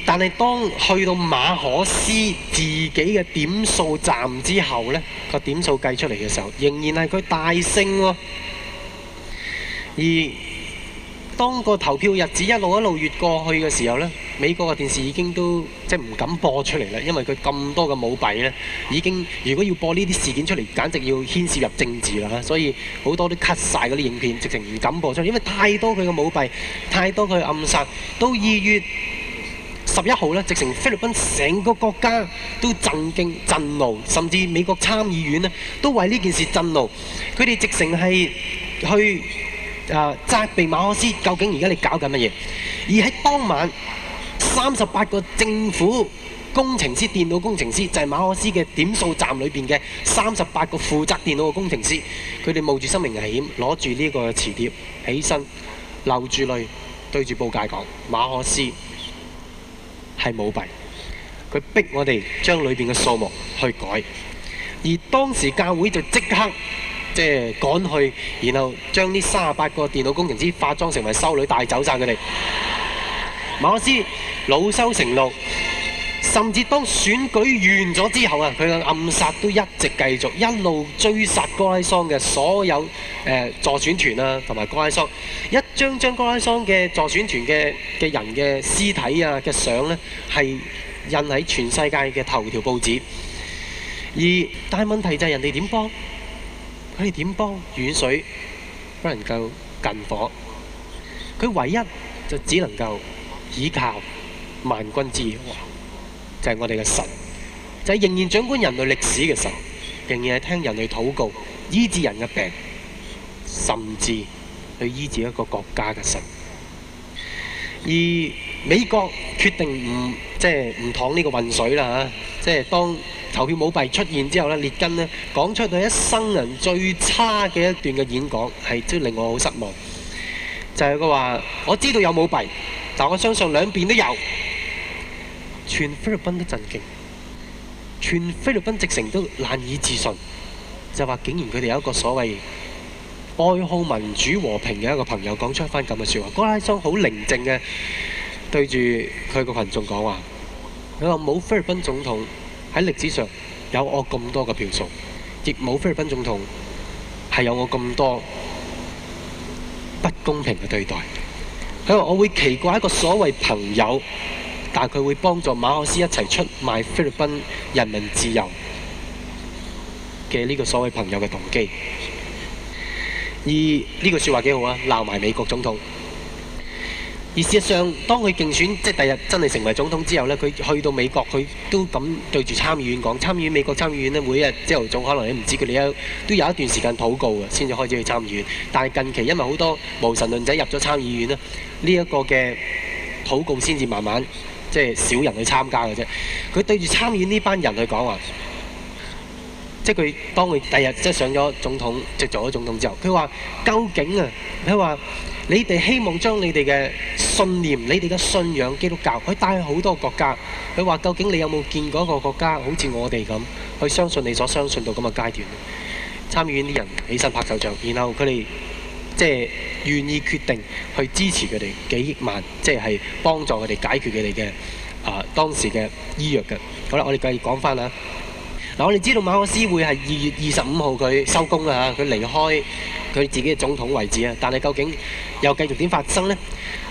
[SPEAKER 1] 但係當去到馬可斯自己嘅點數站之後，呢個點數計出嚟嘅時候，仍然係佢大勝喎、哦。而當個投票日子一路一路越過去嘅時候呢，美國嘅電視已經都即係唔敢播出嚟啦，因為佢咁多嘅舞弊呢已經如果要播呢啲事件出嚟，簡直要牽涉入政治啦，所以好多都 cut 曬嗰啲影片，直情唔敢播出嚟，因為太多佢嘅舞弊，太多佢嘅暗殺。到二月十一號呢，直情菲律賓成個國家都震驚震怒，甚至美國參議院呢都為呢件事震怒，佢哋直情係去。啊！責備馬可斯，究竟而家你搞緊乜嘢？而喺當晚，三十八個政府工程師、電腦工程師，就係、是、馬可斯嘅點數站裏面嘅三十八個負責電腦嘅工程師，佢哋冒住生命危險，攞住呢個磁碟起身，流住淚對住報界講：馬可斯係舞弊，佢逼我哋將裏面嘅數目去改。而當時教會就即刻。即係趕去，然後將呢三十八個電腦工程師化妝成為修女帶走曬佢哋。馬可斯惱羞成怒，甚至當選舉完咗之後啊，佢嘅暗殺都一直繼續，一路追殺歌拉桑嘅所有誒、呃、助選團啊，同埋歌拉桑一張張歌拉桑嘅助選團嘅嘅人嘅屍體啊嘅相呢，係印喺全世界嘅頭條報紙。而大問題就係人哋點幫？佢點幫，遠水不能夠近火，佢唯一就只能夠倚靠萬軍之王，就係、是、我哋嘅神，就係、是、仍然掌管人類歷史嘅神，仍然係聽人類禱告、醫治人嘅病，甚至去醫治一個國家嘅神。而美國決定唔即係唔淌呢個混水啦嚇，即係當投票舞弊出現之後咧，列根咧講出佢一生人最差嘅一段嘅演講，係真令我好失望。就係佢話我知道有舞弊，但我相信兩邊都有。全菲律賓都震驚，全菲律賓直情都難以置信，就話竟然佢哋有一個所謂愛好民主和平嘅一個朋友講出一番咁嘅説話。歌拉桑好寧靜嘅。對住佢個群眾講話，佢話冇菲律賓總統喺歷史上有我咁多嘅票數，亦冇菲律賓總統係有我咁多不公平嘅對待。佢話我會奇怪一個所謂朋友，但佢會幫助馬可斯一齊出賣菲律賓人民自由嘅呢個所謂朋友嘅動機。而呢句說話幾好啊，鬧埋美國總統。而事實上，當佢競選即係第日真係成為總統之後呢，佢去到美國，佢都咁對住參議院講，參議院美國參議院呢，每日朝頭早可能你唔知佢哋都有一段時間禱告嘅，先至開始去參議院。但係近期因為好多無神論仔入咗參議院呢，呢一個嘅禱告先至慢慢即係少人去參加嘅啫。佢對住參議院呢班人去講話，即係佢當佢第日即係上咗總統，即係做咗總統之後，佢話究竟啊，佢話你哋希望將你哋嘅信念，你哋嘅信仰基督教，佢帶去好多國家。佢話究竟你有冇見過一個國家好似我哋咁，去相信你所相信到咁嘅階段呢？參議院啲人起身拍手掌，然後佢哋即係願意決定去支持佢哋幾億萬，即係幫助佢哋解決佢哋嘅啊當時嘅醫藥嘅。好啦，我哋繼續講翻啦。嗱，我哋知道馬克思會係二月二十五號佢收工啊，佢離開佢自己嘅總統位置啊。但係究竟又繼續點發生呢？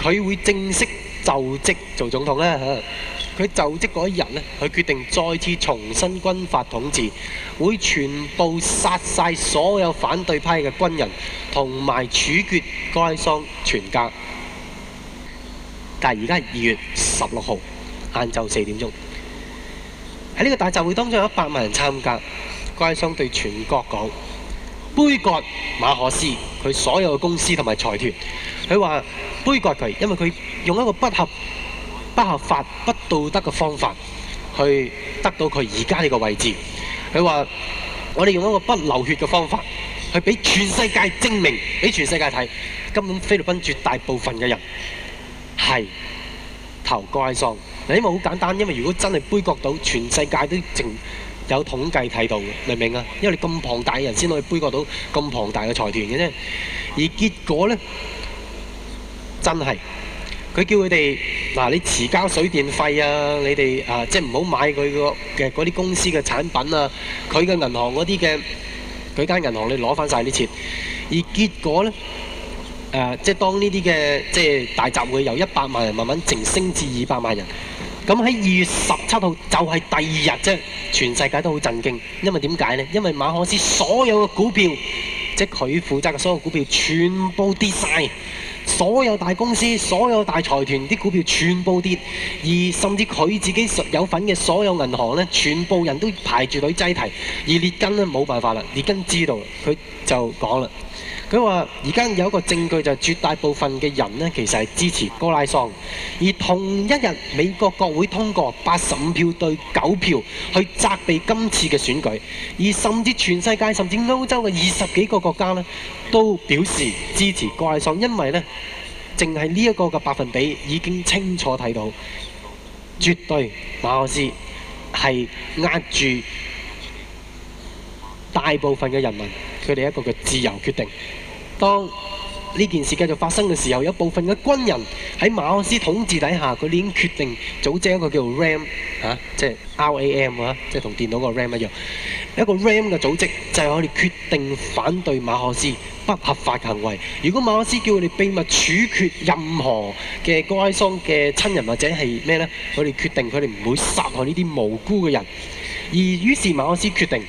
[SPEAKER 1] 佢會正式就職做總統呢，佢就職嗰一日咧，佢決定再次重新軍法統治，會全部殺晒所有反對派嘅軍人，同埋處決該桑全家。但係而家係二月十六號晏晝四點鐘，喺呢個大集會當中有一百萬人參加。該桑對全國講。杯葛馬可斯，佢所有嘅公司同埋財團，佢話杯葛佢，因為佢用一個不合、不合法、不道德嘅方法去得到佢而家呢個位置。佢話我哋用一個不流血嘅方法，去俾全世界證明，俾全世界睇，根本菲律賓絕大部分嘅人係投歌拉桑。嗱，因為好簡單，因為如果真係杯葛到，全世界都淨有統計態度的，明唔明啊？因為你咁龐大嘅人先可以杯葛到咁龐大嘅財團嘅啫。而結果呢，真係佢叫佢哋嗱，你遲交水電費啊，你哋啊，即係唔好買佢個嘅嗰啲公司嘅產品啊。佢嘅銀行嗰啲嘅，佢間銀行你攞翻晒啲錢。而結果呢，誒、啊，即係當呢啲嘅，即係大集會由一百萬人慢慢淨升至二百萬人。咁喺二月十七號就係第二日啫，全世界都好震驚，因為點解呢？因為馬克思所有嘅股票，即係佢負責嘅所有股票，全部跌曬，所有大公司、所有大財團啲股票全部跌，而甚至佢自己實有份嘅所有銀行呢，全部人都排住隊擠提，而列根呢，冇辦法啦，列根知道，佢就講啦。佢話：而家有一個證據，就係絕大部分嘅人呢，其實係支持歌拉桑。而同一日，美國國會通過八十五票對九票去責備今次嘅選舉。而甚至全世界，甚至歐洲嘅二十幾個國家呢，都表示支持歌拉桑，因為呢，淨係呢一個嘅百分比已經清楚睇到，絕對馬克斯係壓住。大部分嘅人民，佢哋一個嘅自由決定。當呢件事繼續發生嘅時候，有部分嘅軍人喺馬克思統治底下，佢哋已經決定組織一個叫做 RAM 吓，即係 RAM 啊，即係同、啊、電腦個 RAM 一樣，一個 RAM 嘅組織就係我哋決定反對馬克思不合法嘅行為。如果馬克思叫我哋秘密處決任何嘅歌拉桑嘅親人或者係咩咧，佢哋決定佢哋唔會殺害呢啲無辜嘅人。而於是馬克思決定。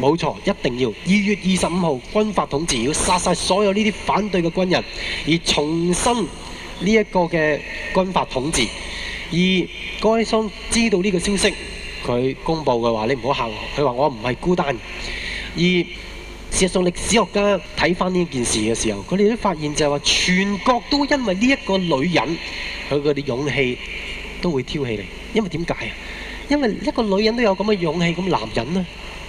[SPEAKER 1] 冇錯，一定要二月二十五號軍閥統治，要殺晒所有呢啲反對嘅軍人，而重新呢一個嘅軍閥統治。而歌桑知道呢個消息，佢公佈嘅話，你唔好嚇我。佢話我唔係孤單。而事實上，歷史學家睇翻呢件事嘅時候，佢哋都發現就係話全國都因為呢一個女人，佢嗰啲勇氣都會挑起嚟。因為點解啊？因為一個女人都有咁嘅勇氣，咁男人呢？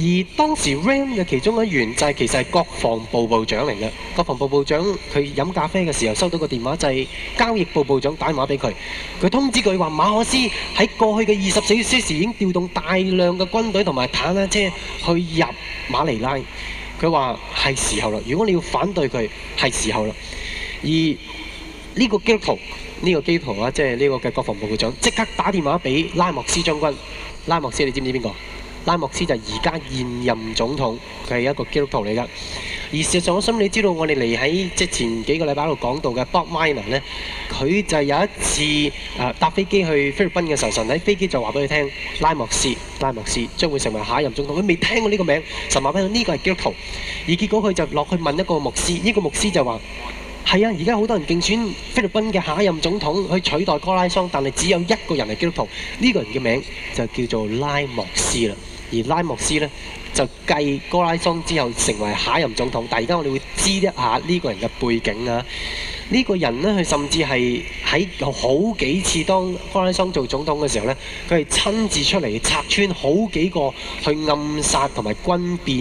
[SPEAKER 1] 而當時 Ram 嘅其中一員就係其實係國防部部長嚟嘅，國防部部長佢飲咖啡嘅時候收到個電話，就係交易部部長打電話俾佢，佢通知佢話馬可斯喺過去嘅二十四小時已經調動大量嘅軍隊同埋坦克車去入馬尼拉，佢話係時候啦，如果你要反對佢係時候啦。而呢個基圖呢個基圖啊，即係呢個嘅國防部部長即刻打電話俾拉莫斯將軍，拉莫斯你知唔知邊個？拉莫斯就係而家現任總統，佢係一個基督徒嚟㗎。而事實上我心裏知道，我哋嚟喺即前幾個禮拜喺度講到嘅 Bob Miner 呢，佢就有一次誒搭飛機去菲律賓嘅時候，神喺飛機就話俾佢聽：拉莫斯，拉莫斯將會成為下一任總統。佢未聽過呢個名，神話俾佢呢個係基督徒。而結果佢就落去問一個牧師，呢個牧師就話：係啊，而家好多人競選菲律賓嘅下一任總統去取代哥拉桑，但係只有一個人係基督徒，呢個人嘅名就叫做拉莫斯啦。而拉莫斯呢，就繼歌拉桑之後成為下一任總統，但而家我哋會知一下呢個人嘅背景啊！呢個人呢，佢甚至係喺有好幾次當歌拉桑做總統嘅時候呢，佢係親自出嚟拆穿好幾個去暗殺同埋軍變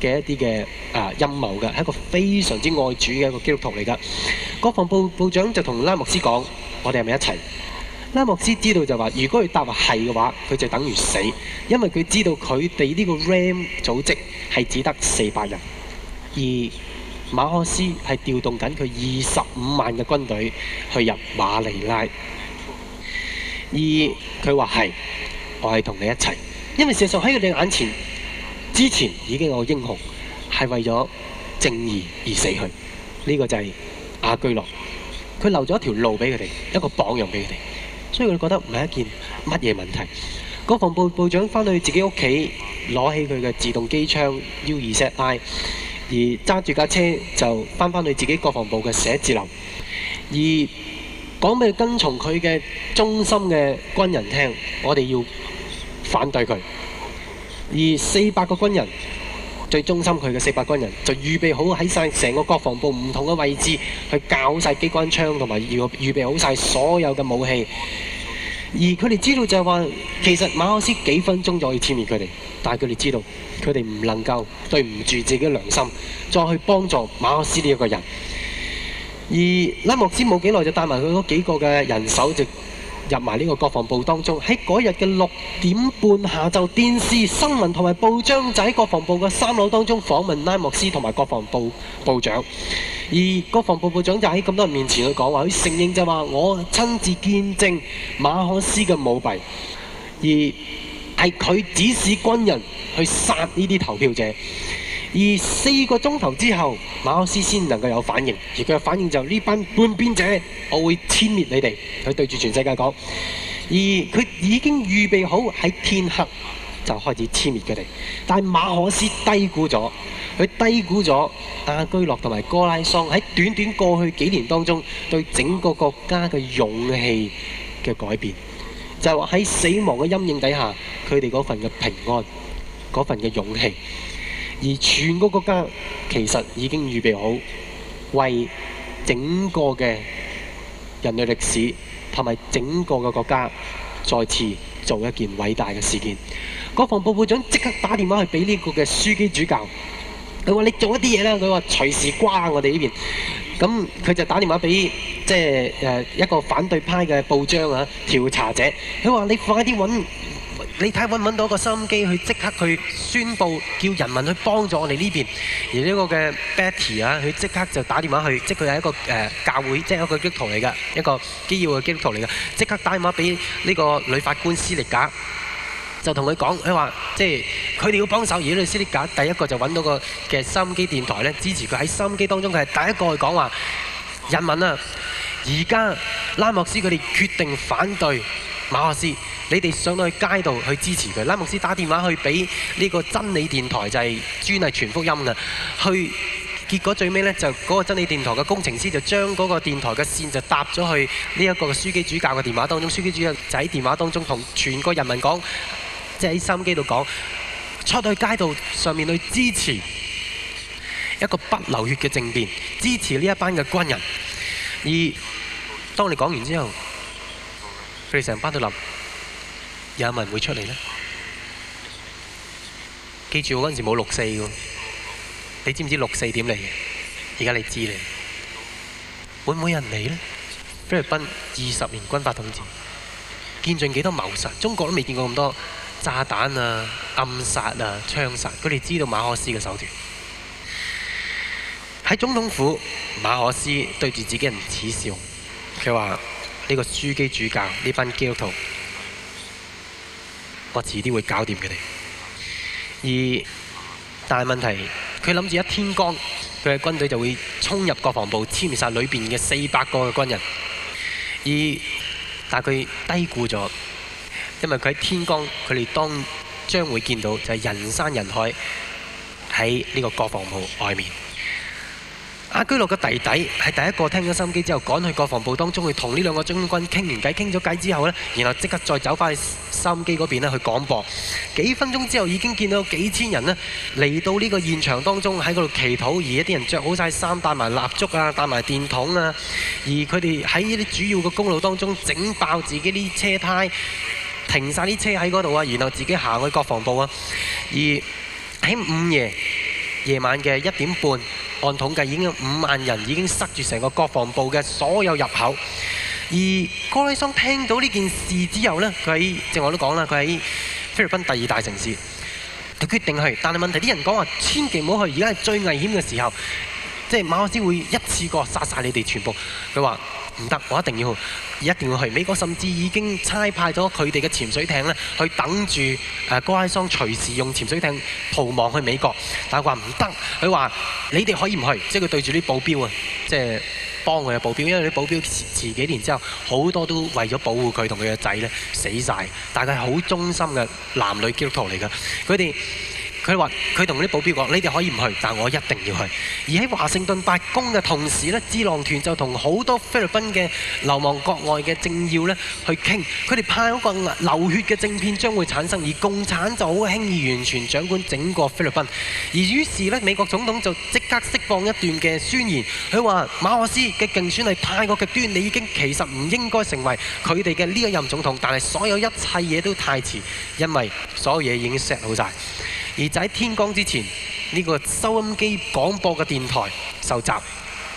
[SPEAKER 1] 嘅一啲嘅啊陰謀嘅，係一個非常之愛主嘅一個基督徒嚟㗎。國防部部長就同拉莫斯講：「我哋係咪一齊？」拉莫斯知道就話，如果佢答話係嘅話，佢就等於死，因為佢知道佢哋呢個 Ram 組織係只得四百人，而馬可斯係調動緊佢二十五萬嘅軍隊去入馬尼拉，而佢話係，我係同你一齊，因為事實上喺佢哋眼前之前已經有個英雄係為咗正義而死去，呢、這個就係阿居羅，佢留咗一條路俾佢哋，一個榜樣俾佢哋。所以佢覺得唔係一件乜嘢問題。國防部部長返到去自己屋企，攞起佢嘅自動機槍 UZI，而揸住架車就返返去自己國防部嘅寫字樓。而講俾跟從佢嘅忠心嘅軍人聽，我哋要反對佢。而四百個軍人。最忠心佢嘅四百軍人就預備好喺曬成個國防部唔同嘅位置，去搞曬機關槍同埋預預備好曬所有嘅武器。而佢哋知道就係話，其實馬克思幾分鐘就可以殲滅佢哋，但係佢哋知道佢哋唔能夠對唔住自己良心，再去幫助馬克思呢一個人。而拉莫斯冇幾耐就帶埋佢嗰幾個嘅人手就。入埋呢個國防部當中，喺嗰日嘅六點半下晝，電視新聞同埋報章就喺國防部嘅三樓當中訪問拉莫斯同埋國防部部長，而國防部部長就喺咁多人面前去講話，佢承認就話，我親自見證馬可斯嘅舞弊，而係佢指使軍人去殺呢啲投票者。而四個鐘頭之後，馬可斯先能夠有反應，而佢嘅反應就呢、是、班叛變者，我會殲滅你哋。佢對住全世界講，而佢已經預備好喺天黑就開始殲滅佢哋。但係馬可斯低估咗，佢低估咗阿居樂同埋歌拉桑喺短短過去幾年當中對整個國家嘅勇氣嘅改變，就喺、是、死亡嘅陰影底下，佢哋嗰份嘅平安，嗰份嘅勇氣。而全個國家其實已經預備好，為整個嘅人類歷史同埋整個嘅國家再次做一件偉大嘅事件。國防部部長即刻打電話去俾呢個嘅書記主教，佢話：你做一啲嘢啦！佢話隨時關我哋呢邊。咁佢就打電話俾即係、呃、一個反對派嘅報章啊，調查者，佢話：你快啲揾！你睇，揾唔揾到個收音機，去即刻去宣佈，叫人民去幫助我哋呢邊。而呢個嘅 Betty 啊，佢即刻就打電話去，即係佢係一個誒、呃、教會，即係一個基督徒嚟嘅，一個基要嘅基督徒嚟嘅，即刻打電話俾呢個女法官斯力格，就同佢講，佢話，即係佢哋要幫手。而呢個斯力格第一個就揾到個嘅收音機電台咧，支持佢喺收音機當中，佢係第一個去講話，人民啊，而家拉莫斯佢哋決定反對。馬可斯，你哋上到去街道去支持佢。拉莫斯打電話去俾呢個真理電台，就係專係傳福音嘅，去結果最尾呢，就嗰個真理電台嘅工程師就將嗰個電台嘅線就搭咗去呢一個書記主教嘅電話當中，書記主教就喺電話當中同全國人民講，即係喺收音機度講，出去街道上面去支持一個不流血嘅政變，支持呢一班嘅軍人。而當你講完之後，佢哋成班都冧，有冇人會出嚟呢？記住，我嗰陣時冇六四喎，你知唔知六四點嚟嘅？而家你知咧，會唔會有人嚟呢？菲律賓二十年軍法統治，見盡幾多謀殺，中國都未見過咁多炸彈啊、暗殺啊、槍殺，佢哋知道馬可斯嘅手段。喺總統府，馬可斯對住自己人恥笑，佢話。呢個樞機主教呢班基督徒，我遲啲會搞掂佢哋。而但係問題，佢諗住一天光，佢嘅軍隊就會衝入國防部，殲滅曬裏邊嘅四百個嘅軍人。而但係佢低估咗，因為佢喺天光，佢哋當將會見到就係、是、人山人海喺呢個國防部外面。阿居洛嘅弟弟係第一個聽咗收音機之後，趕去國防部當中去同呢兩個將軍傾完偈，傾咗偈之後呢，然後即刻再走返去收音機嗰邊啦，去廣播。幾分鐘之後已經見到幾千人呢嚟到呢個現場當中喺嗰度祈禱，而一啲人着好晒衫，帶埋蠟燭啊，帶埋電筒啊，而佢哋喺呢啲主要嘅公路當中整爆自己啲車胎，停晒啲車喺嗰度啊，然後自己行去國防部啊。而喺午夜。夜晚嘅一點半，按統計已經有五萬人已經塞住成個國防部嘅所有入口。而歌拉桑聽到呢件事之後呢，佢喺即係我都講啦，佢喺菲律賓第二大城市，佢決定去。但係問題啲人講話，千祈唔好去，而家係最危險嘅時候，即係馬克斯會一次過殺晒你哋全部。佢話。唔得，我一定要去。一定要去。美國甚至已經差派咗佢哋嘅潛水艇咧，去等住誒歌拉桑隨時用潛水艇逃亡去美國。但係話唔得，佢話你哋可以唔去，即係佢對住啲保鏢啊，即係幫佢嘅保鏢，因為啲保鏢遲幾年之後，好多都為咗保護佢同佢嘅仔咧死晒。但佢係好忠心嘅男女基督徒嚟㗎，佢哋。佢話：佢同啲保鏢講，你哋可以唔去，但我一定要去。而喺華盛頓白宮嘅同時咧，智囊團就同好多菲律賓嘅流亡國外嘅政要咧去傾。佢哋派一個流血嘅政變將會產生，而共產就好輕易完全掌管整個菲律賓。而於是咧，美國總統就即刻釋放一段嘅宣言，佢話馬可斯嘅競選係太過極端，你已經其實唔應該成為佢哋嘅呢一任總統。但係所有一切嘢都太遲，因為所有嘢已經 set 好晒。而就喺天光之前，呢、這個收音機廣播嘅電台受襲，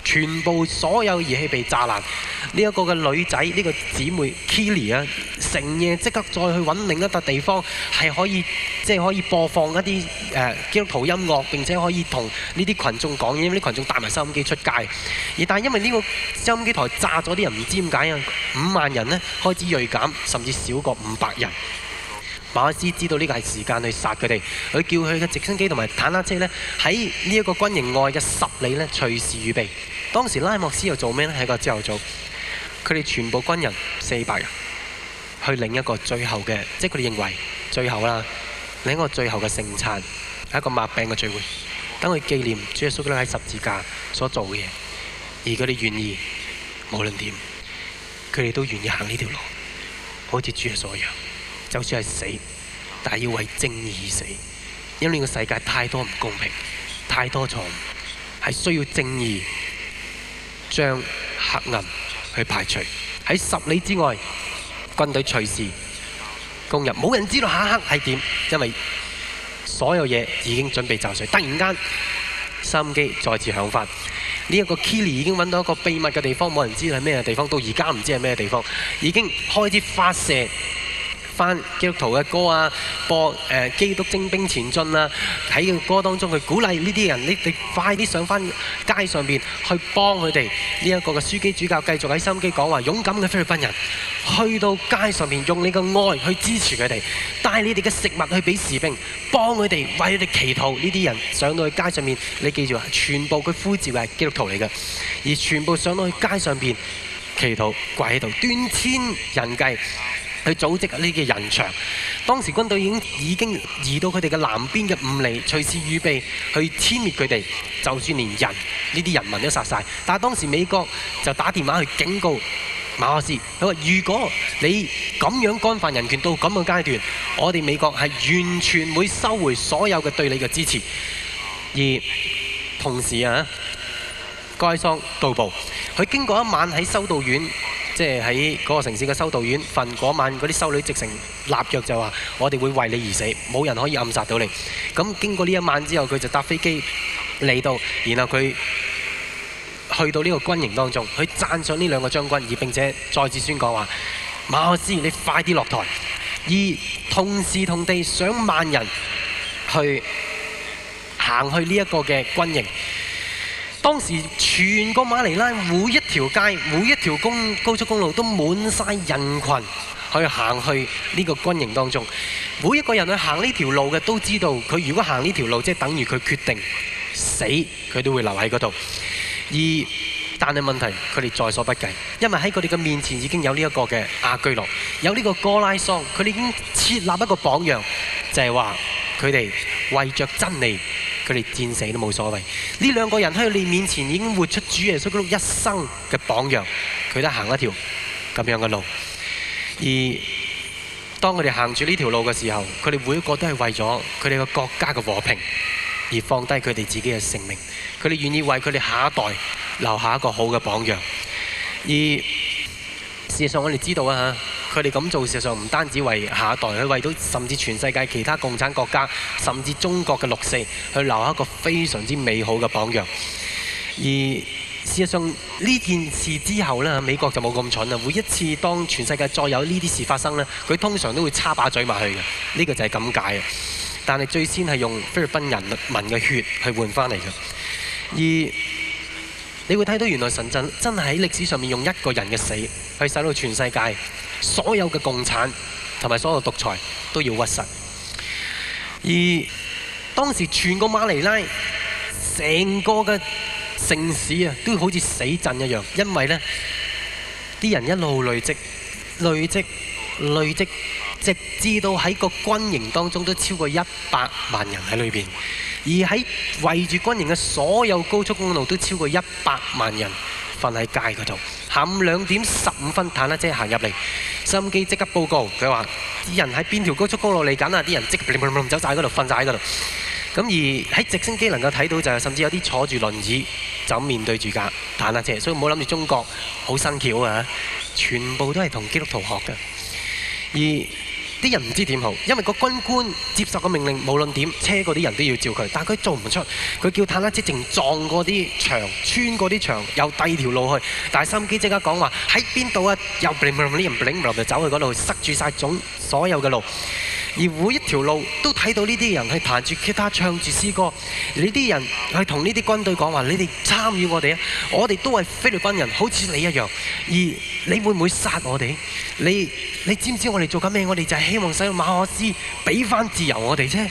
[SPEAKER 1] 全部所有儀器被炸爛。呢、這、一個嘅女仔，呢、這個姊妹 Kelly 啊，成夜即刻再去揾另一笪地方，係可以即係、就是、可以播放一啲、呃、基督徒音樂，並且可以同呢啲群眾講嘢，因為啲群眾帶埋收音機出街。而但係因為呢個收音機台炸咗，啲人唔知點解啊，五萬人呢開始銳減，甚至少過五百人。馬可斯知道呢個係時間去殺佢哋，佢叫佢嘅直升機同埋坦克車咧喺呢一個軍營外嘅十里咧隨時預備。當時拉莫斯在又做咩咧？喺個朝頭早，佢哋全部軍人四百人去領一個最後嘅，即係佢哋認為最後啦，領一個最後嘅聖餐係一個抹餅嘅聚會，等佢紀念主耶穌喺十字架所做嘅嘢。而佢哋願意，無論點，佢哋都願意行呢條路，好似主耶穌一樣。就算係死，但係要為正義死，因為呢個世界太多唔公平，太多錯誤，係需要正義將黑暗去排除。喺十里之外，軍隊隨時攻入，冇人知道下一刻係點，因為所有嘢已經準備就緒。突然間，收音機再次響發，呢、這、一個 Killy 已經揾到一個秘密嘅地方，冇人知係咩地方，到而家唔知係咩地方，已經開始發射。翻基督徒嘅歌啊，播誒、呃《基督精兵前進》啊，喺個歌當中去鼓勵呢啲人，你哋快啲上翻街上邊去幫佢哋。呢、這、一個嘅書記、主教繼續喺收音機講話，勇敢嘅菲律賓人，去到街上面，用你嘅愛去支持佢哋，帶你哋嘅食物去俾士兵，幫佢哋為佢哋祈禱。呢啲人上到去街上面，你記住啊，全部佢呼召係基督徒嚟嘅，而全部上到去街上邊祈禱、跪喺度，端天人計。去組織呢個人場當時軍隊已經已經移到佢哋嘅南邊嘅五里，隨時預備去殲滅佢哋。就算連人呢啲人民都殺晒。但係當時美國就打電話去警告馬克思，佢話：如果你咁樣干犯人權到咁嘅階段，我哋美國係完全會收回所有嘅對你嘅支持。而同時啊，歌拉桑到埗，佢經過一晚喺修道院。即係喺嗰個城市嘅修道院瞓嗰、那個、晚，嗰啲修女直情立約就話：我哋會為你而死，冇人可以暗殺到你。咁經過呢一晚之後，佢就搭飛機嚟到，然後佢去到呢個軍營當中，佢讚賞呢兩個將軍，而並且再次宣講話：馬可斯，你快啲落台！而同時同地上萬人去行去呢一個嘅軍營。當時全個馬尼拉每一條街、每一條公高速公路都滿晒人群去行去呢個軍營當中，每一個人去行呢條路嘅都知道，佢如果行呢條路，即係等於佢決定死，佢都會留喺嗰度。而但係問題，佢哋在所不計，因為喺佢哋嘅面前已經有呢一個嘅亞居洛，有呢個歌拉桑，佢哋已經設立一個榜樣，就係話。佢哋為着真理，佢哋戰死都冇所謂。呢兩個人喺你面前已經活出主耶穌基督一生嘅榜樣，佢哋行一條咁樣嘅路。而當佢哋行住呢條路嘅時候，佢哋每一個都係為咗佢哋嘅國家嘅和平而放低佢哋自己嘅性命。佢哋願意為佢哋下一代留下一個好嘅榜樣。而事實上，我哋知道啊。佢哋咁做，事實上唔單止為下一代，去為到甚至全世界其他共產國家，甚至中國嘅六四，去留下一個非常之美好嘅榜樣。而事實上呢件事之後呢美國就冇咁蠢啦。每一次當全世界再有呢啲事發生呢佢通常都會叉把嘴埋去嘅。呢、這個就係咁解。但係最先係用菲律賓人民嘅血去換翻嚟嘅。而你會睇到原來神真真係喺歷史上面用一個人嘅死，去洗到全世界。所有嘅共產同埋所有獨裁都要屈實。而當時全個馬尼拉成個嘅城市啊，都好似死鎮一樣，因為呢啲人一路累積、累積、累積，直至到喺個軍營當中都超過一百萬人喺裏邊，而喺圍住軍營嘅所有高速公路都超過一百萬人瞓喺街嗰度。下午兩點十五分，坦克車行入嚟，收音機即刻報告，佢話啲人喺邊條高速公路嚟緊啊！啲人即刻走晒嗰度，瞓晒喺嗰度。咁而喺直升機能夠睇到，就係甚至有啲坐住輪椅就面對住架坦克車。所以唔好諗住中國好新巧啊，全部都係同基督徒學㗎。而啲人唔知點好，因為個軍官接受個命令，無論點車嗰啲人都要照佢，但佢做唔出。佢叫坦克直情撞過啲牆，穿過啲牆，又第二條路去。但係心機即刻講話喺邊度啊？又 bling bling b 就走去嗰度塞住晒總所有嘅路。而每一條路都睇到呢啲人係彈住吉他唱住詩歌。呢啲人係同呢啲軍隊講話：你哋參與我哋啊！我哋都係菲律賓人，好似你一樣。而你會唔會殺我哋？你你知唔知道我哋做緊咩？我哋就係、是。希望使用馬可斯俾翻自由我哋啫，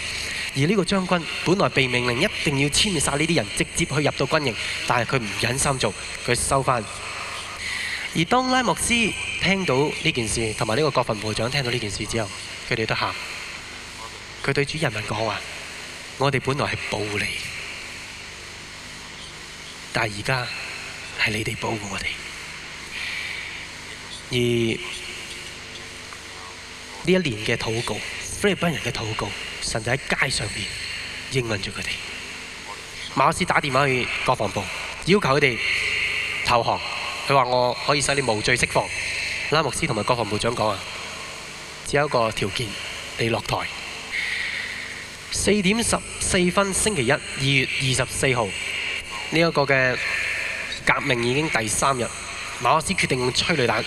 [SPEAKER 1] 而呢個將軍本來被命令一定要殲滅晒呢啲人，直接去入到軍營，但係佢唔忍心做，佢收翻。而當拉莫斯聽到呢件事，同埋呢個國防部長聽到呢件事之後，佢哋都喊。佢對住人民講話：我哋本來係暴利，但係而家係你哋保護我哋。而呢一年嘅禱告，菲律賓人嘅禱告，神就喺街上面應允住佢哋。馬斯打電話去國防部，要求佢哋投降。佢話，我可以使你無罪釋放。拉莫斯同埋國防部長講啊，只有一個條件，你落台。四點十四分，星期一，二月二十四號，呢一個嘅革命已經第三日。馬斯決定用催淚彈。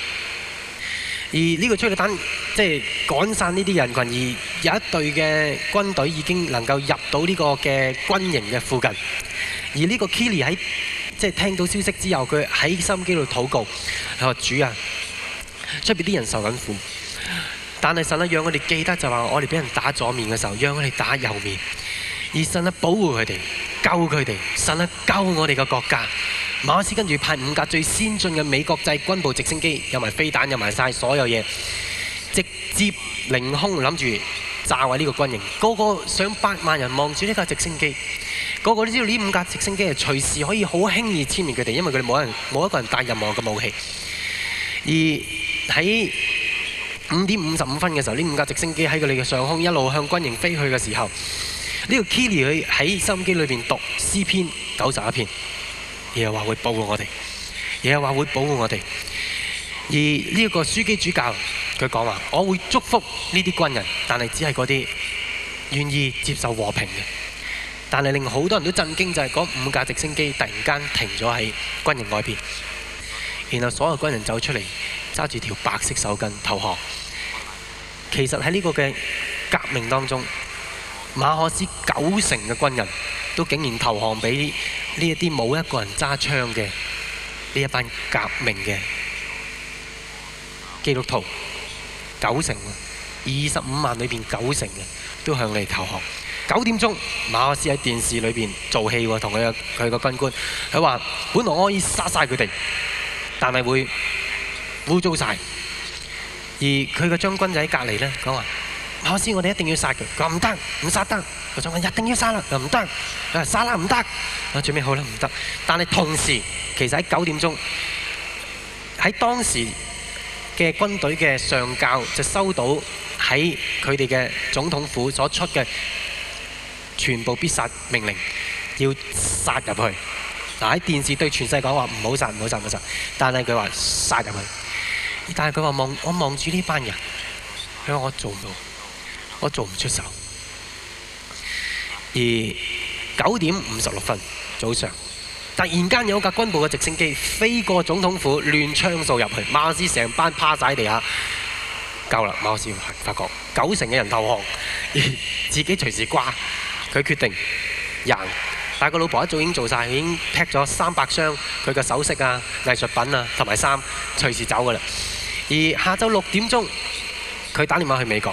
[SPEAKER 1] 而呢個出嘅單，即係趕散呢啲人群，而有一隊嘅軍隊已經能夠入到呢個嘅軍營嘅附近。而呢個 Killy 喺即係聽到消息之後，佢喺心機度禱告，佢話：主啊，出邊啲人受緊苦，但係神啊，讓我哋記得就話我哋俾人打左面嘅時候，讓我哋打右面。而神啊保護佢哋，救佢哋，神啊救我哋個國家。馬斯跟住派五架最先進嘅美國製軍部直升機，有埋飛彈，有埋曬所有嘢，直接凌空諗住炸毀呢個軍營。個個上百萬人望住呢架直升機，個個都知道呢五架直升機係隨時可以好輕易殲滅佢哋，因為佢哋冇人冇一個人帶任何嘅武器。而喺五點五十五分嘅時候，呢五架直升機喺佢哋嘅上空一路向軍營飛去嘅時候。呢個 Kili 佢喺收音機裏邊讀詩篇九十一篇，而係話會保護我哋，而係話會保護我哋。而呢個書記主教佢講話：我會祝福呢啲軍人，但係只係嗰啲願意接受和平嘅。但係令好多人都震驚就係、是、嗰五架直升機突然間停咗喺軍營外邊，然後所有軍人走出嚟揸住條白色手巾投降。其實喺呢個嘅革命當中。馬可斯九成嘅軍人都竟然投降俾呢一啲冇一個人揸槍嘅呢一班革命嘅基督徒，九成啊，二十五萬裏邊九成嘅都向你投降。九點鐘，馬可斯喺電視裏邊做戲喎，同佢嘅佢個軍官，佢話：「本來我可以殺晒佢哋，但係會污糟晒。」而佢個將軍喺隔離呢，講話。冇事，我哋一定要殺佢。佢話唔得，唔殺得。佢就話：日一定要殺啦，又唔得。誒，殺啦，唔得。誒，準備好啦，唔得。但係同時，其實喺九點鐘，喺當時嘅軍隊嘅上校就收到喺佢哋嘅總統府所出嘅全部必殺命令，要殺入去。嗱，喺電視對全世界講話唔好殺，唔好殺，唔好殺。但係佢話殺入去。但係佢話望，我望住呢班人，佢話我做到。我做唔出手，而九點五十六分早上，突然間有架軍部嘅直升機飛過總統府，亂槍掃入去，馬斯成班趴晒喺地下。夠啦，馬斯發覺九成嘅人投降，而自己隨時掛。佢決定贏，但個老婆一早已經做晒，已經擗咗三百箱佢嘅首飾啊、藝術品啊同埋衫，隨時走㗎啦。而下晝六點鐘，佢打電話去美國。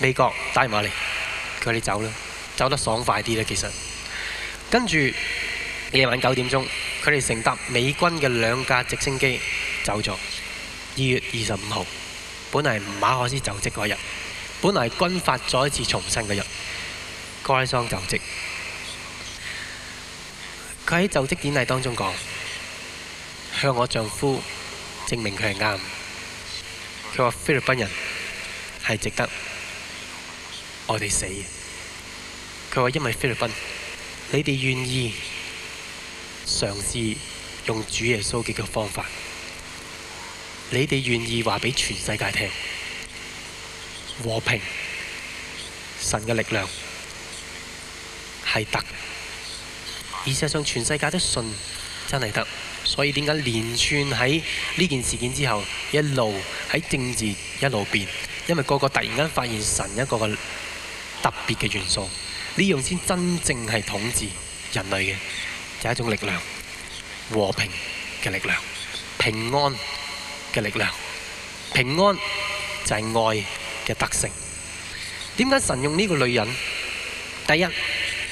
[SPEAKER 1] 美國打電話嚟，佢哋走啦，走得爽快啲啦。其實跟住夜晚九點鐘，佢哋乘搭美軍嘅兩架直升機走咗。二月二十五號，本嚟馬可斯就職嗰日，本嚟軍法再一次重申嗰日，歌拉桑就職。佢喺就職典禮當中講：向我丈夫證明佢係啱。佢話菲律賓人係值得。我哋死，佢話，因為菲律賓，你哋願意嘗試用主耶穌嘅方法，你哋願意話俾全世界聽和平神嘅力量係得，而事實上全世界都信真係得，所以點解連串喺呢件事件之後，一路喺政治一路變，因為個個突然間發現神一個個。特別嘅元素，呢樣先真正係統治人類嘅，就係一種力量、和平嘅力量、平安嘅力量。平安就係愛嘅特性。點解神用呢個女人？第一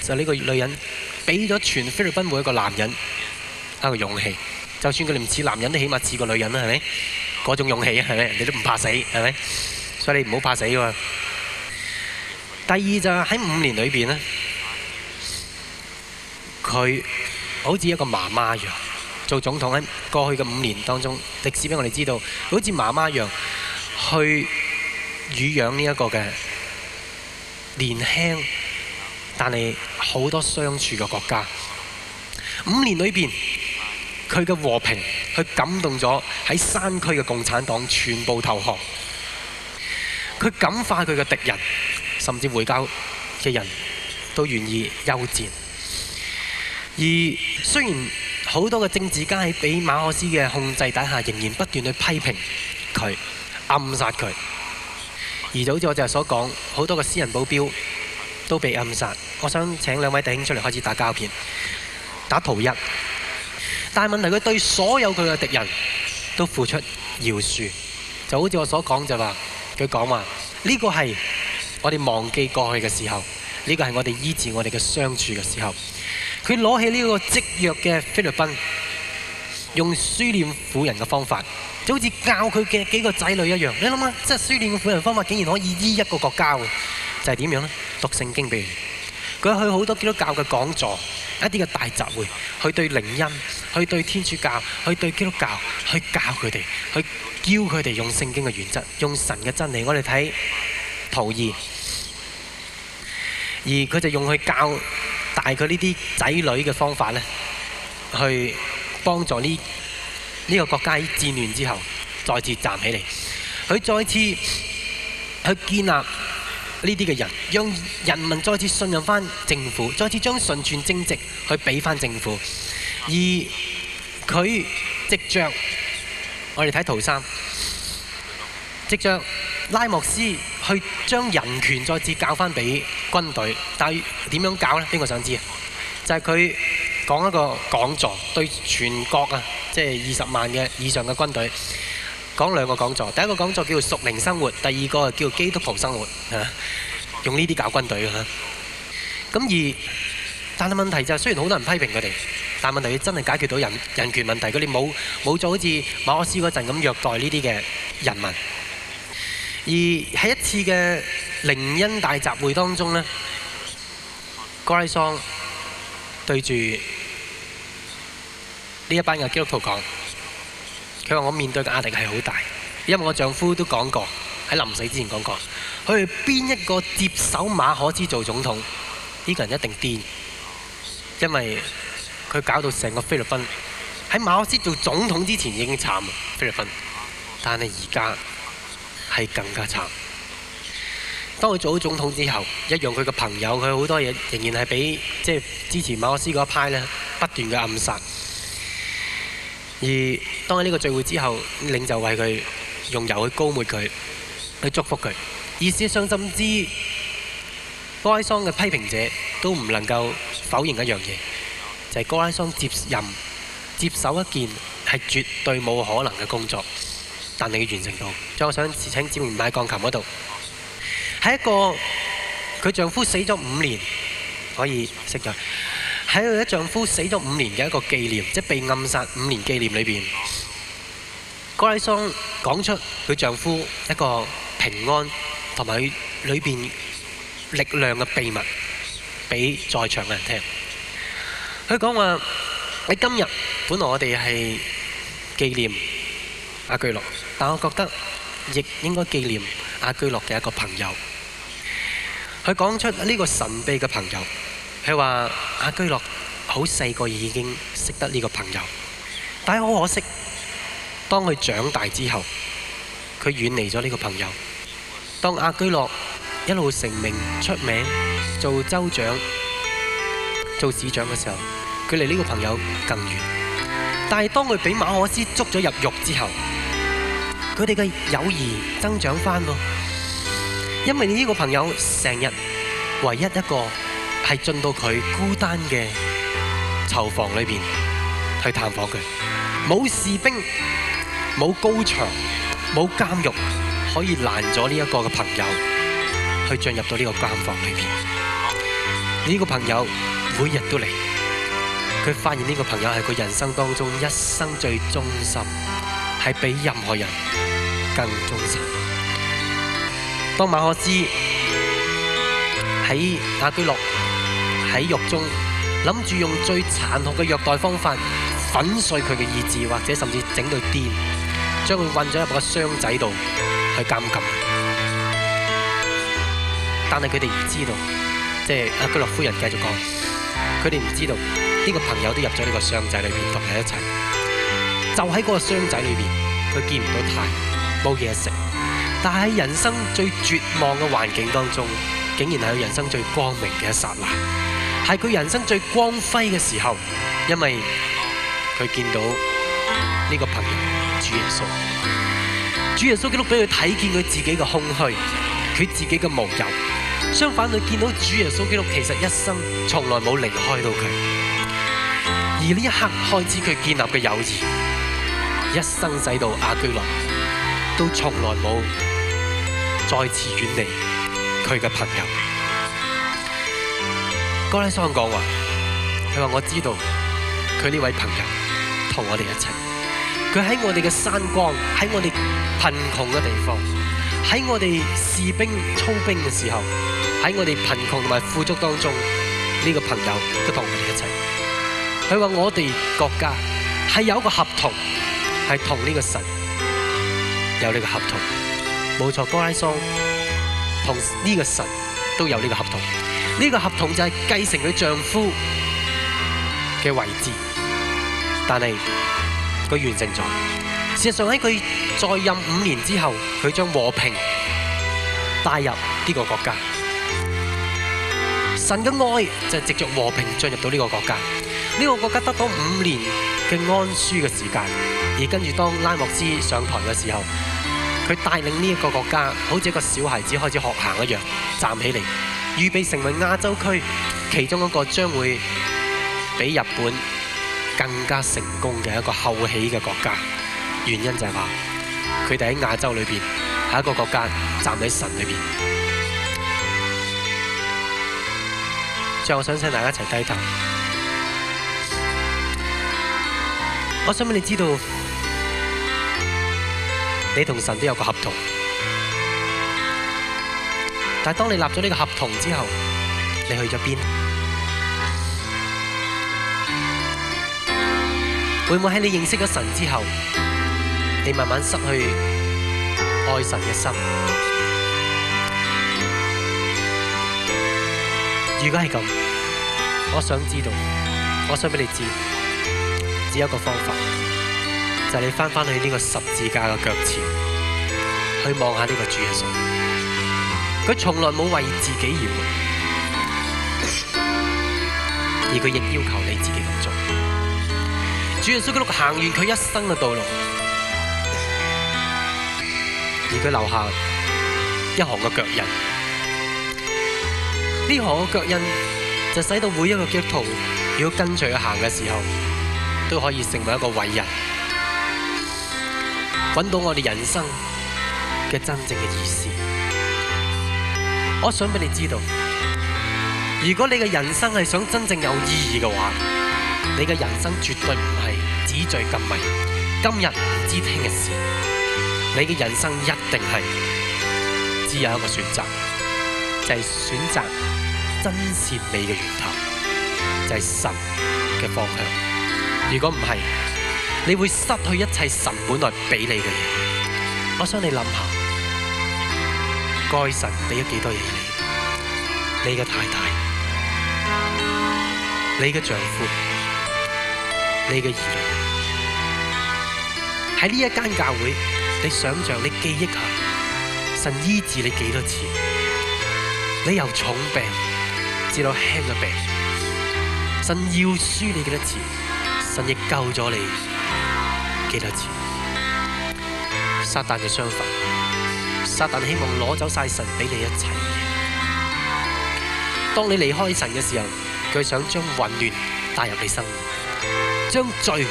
[SPEAKER 1] 就係呢個女人俾咗全菲律賓每一個男人一個勇氣，就算佢哋唔似男人都起碼似個女人啦，係咪？嗰種勇氣啊，係咪？人哋都唔怕死，係咪？所以你唔好怕死喎。第二就係喺五年裏邊呢，佢好似一個媽媽一樣做總統，喺過去嘅五年當中，歷史俾我哋知道，好似媽媽一樣去撫養呢一個嘅年輕，但係好多相處嘅國家。五年裏邊，佢嘅和平，佢感動咗喺山區嘅共產黨全部投降，佢感化佢嘅敵人。甚至回教嘅人都願意休戰。而雖然好多嘅政治家喺俾馬可思嘅控制底下，仍然不斷去批評佢、暗殺佢。而就好似我就所講，好多嘅私人保鏢都被暗殺。我想請兩位弟兄出嚟開始打膠片，打圖一。但係問題，佢對所有佢嘅敵人都付出饒恕，就好似我所講就話，佢講話呢個係。我哋忘記過去嘅時候，呢個係我哋醫治我哋嘅相處嘅時候。佢攞起呢個積弱嘅菲律賓，用書念婦人嘅方法，就好似教佢嘅幾個仔女一樣。你諗下，即係書念嘅婦人方法，竟然可以醫一個國家㗎？就係、是、點樣呢？讀聖經俾佢。佢去好多基督教嘅講座，一啲嘅大集會，去對靈恩，去對天主教，去對基督教，去教佢哋，去叫佢哋用聖經嘅原則，用神嘅真理，我哋睇。圖二，2，而佢就用佢教大佢呢啲仔女嘅方法呢，去幫助呢呢、呢個國家喺戰亂之後再次站起嚟。佢再次去建立呢啲嘅人，讓人民再次信任翻政府，再次將純全正直去俾翻政府。而佢即將，我哋睇圖三，即將。拉莫斯去將人權再次教翻俾軍隊，但係點樣教呢？邊個想知啊？就係佢講一個講座，對全國啊，即係二十萬嘅以上嘅軍隊講兩個講座。第一個講座叫做「屬靈生活」，第二個叫做「基督徒生活」嚇。用呢啲教軍隊嘅。咁而但係問題就係，雖然好多人批評佢哋，但係問題佢真係解決到人人權問題。佢哋冇冇做好似馬可斯嗰陣咁虐待呢啲嘅人民。而喺一次嘅靈恩大集會當中呢，歌拉桑對住呢一班嘅基督徒講，佢話我面對嘅壓力係好大，因為我丈夫都講過，喺臨死之前講過，佢係邊一個接手馬可斯做總統，呢個人一定癲，因為佢搞到成個菲律賓，喺馬可斯做總統之前已經慘啊，菲律賓，但係而家，係更加慘。當佢做咗總統之後，一樣佢嘅朋友，佢好多嘢仍然係俾即係之前馬克思嗰一派咧不斷嘅暗殺。而當喺呢個聚會之後，領袖為佢用油去膏抹佢，去祝福佢。意思上，甚至歌拉桑嘅批評者都唔能夠否認一樣嘢，就係歌拉桑接任接手一件係絕對冇可能嘅工作。但你要完成到，再想請姊妹買鋼琴嗰度，係一個佢丈夫死咗五年可以識咗，喺佢嘅丈夫死咗五年嘅一個紀念，即係被暗殺五年紀念裏邊，歌拉桑講出佢丈夫一個平安同埋佢裏邊力量嘅秘密，俾在場嘅人聽。佢講話：「你今日本來我哋係紀念。阿居洛，但我覺得亦應該紀念阿居洛嘅一個朋友。佢講出呢個神秘嘅朋友，佢話阿居洛好細個已經識得呢個朋友，但係好可惜，當佢長大之後，佢遠離咗呢個朋友。當阿居洛一路成名出名，做州長、做市長嘅時候，佢離呢個朋友更遠。但係當佢俾馬可斯捉咗入獄之後，佢哋嘅友誼增長返喎，因為呢個朋友成日唯一一個係進到佢孤單嘅囚房裏面去探訪佢，冇士兵、冇高牆、冇監獄可以攔咗呢一個嘅朋友去進入到呢個監房裏面，呢個朋友每日都嚟。佢發現呢個朋友係佢人生當中一生最忠心，係比任何人更忠心當我。當馬可斯喺阿居洛喺獄中，諗住用最殘酷嘅虐待方法粉碎佢嘅意志，或者甚至整到癲，將佢困咗入個箱仔度去監禁。但係佢哋唔知道，即係阿居洛夫人繼續講。佢哋唔知道呢個朋友都入咗呢個箱仔裏邊同佢一齊，就喺嗰個箱仔裏邊，佢見唔到太陽，冇嘢食，但係喺人生最絕望嘅環境當中，竟然係佢人生最光明嘅一剎那，係佢人生最光輝嘅時候，因為佢見到呢個朋友主耶穌，主耶穌基督俾佢睇見佢自己嘅空虛，佢自己嘅無有。相反，佢見到主耶穌基督，其實一生從來冇離開到佢，而呢一刻開始佢建立嘅友誼，一生使到阿居羅都從來冇再次遠離佢嘅朋友哥哥。歌拉桑講話，佢話我知道佢呢位朋友同我哋一齊，佢喺我哋嘅山崗，喺我哋貧窮嘅地方，喺我哋士兵操兵嘅時候。喺我哋貧窮同埋富足當中，呢、這個朋友都同我哋一齊。佢話：我哋國家係有一個合同，係同呢個神有呢個合同。冇錯，歌拉桑同呢個神都有呢個合同。呢個合同就係繼承佢丈夫嘅位置，但係佢完成咗。事實上喺佢在任五年之後，佢將和平帶入呢個國家。神嘅愛就係直接和平進入到呢個國家，呢個國家得到五年嘅安舒嘅時間，而跟住當拉莫斯上台嘅時候，佢帶領呢一個國家，好似一個小孩子開始學行一樣，站起嚟，預備成為亞洲區其中一個將會比日本更加成功嘅一個後起嘅國家。原因就係話，佢哋喺亞洲裏面，喺一個國家站喺神裏面。我想請大家一齊低頭。我想俾你知道，你同神都有個合同，但係當你立咗呢個合同之後，你去咗邊？會唔會喺你認識咗神之後，你慢慢失去愛神嘅心？如果係咁，我想知道，我想俾你知道，只有一個方法，就係、是、你翻翻去呢個十字架嘅腳前，去望下呢個主耶穌，佢從來冇為自己而活，而佢亦要求你自己咁做。主耶穌佢行完佢一生嘅道路，而佢留下一行嘅腳印。呢行嘅腳印就使到每一個基督徒，如果跟隨佢行嘅時候，都可以成為一個偉人，揾到我哋人生嘅真正嘅意思。我想俾你知道，如果你嘅人生係想真正有意義嘅話，你嘅人生絕對唔係紙醉金迷，今日唔知聽日事。你嘅人生一定係只有一個選擇。就係選擇真善美嘅源頭，就係神嘅方向。如果唔係，你會失去一切神本來俾你嘅嘢。我想你諗下，該神俾咗幾多嘢你？你嘅太太，你嘅丈夫，你嘅兒女，喺呢一間教會，你想象你記憶下，神醫治你幾多次？你由重病至到輕嘅病，神要輸你幾多次，神亦救咗你幾多次。撒旦就相反，撒旦希望攞走晒神俾你一切。當你離開神嘅時候，佢想將混亂帶入你生命，將罪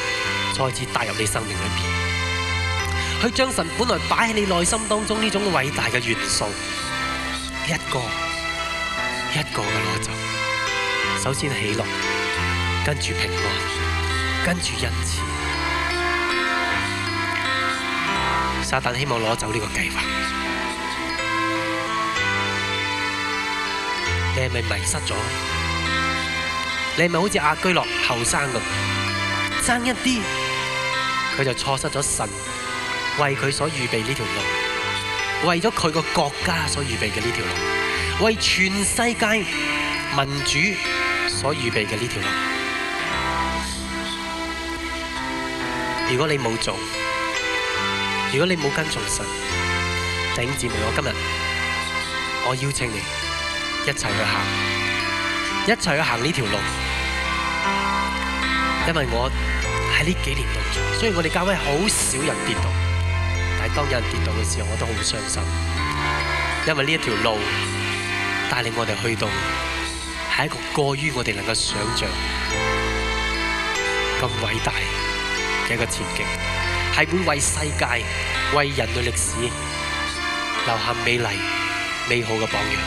[SPEAKER 1] 再次帶入你生命裏面。去將神本來擺喺你內心當中呢種偉大嘅元素，一個。一個嘅攞走，首先喜樂，跟住平安，跟住恩慈。撒但希望攞走呢個計劃，你係咪迷失咗？你係咪好似亞居樂後生咁？爭一啲，佢就錯失咗神為佢所預備呢條路，為咗佢個國家所預備嘅呢條路。為全世界民主所預備嘅呢條路，如果你冇做，如果你冇跟從神，弟兄姊妹，我今日我邀請你一齊去行，一齊去行呢條路，因為我喺呢幾年度做，雖然我哋教會好少人跌倒，但係當有人跌倒嘅時候，我都好傷心，因為呢條路。帶領我哋去到係一個過於我哋能夠想象咁偉大嘅一個前景，係會為世界、為人類歷史留下美麗、美好嘅榜樣。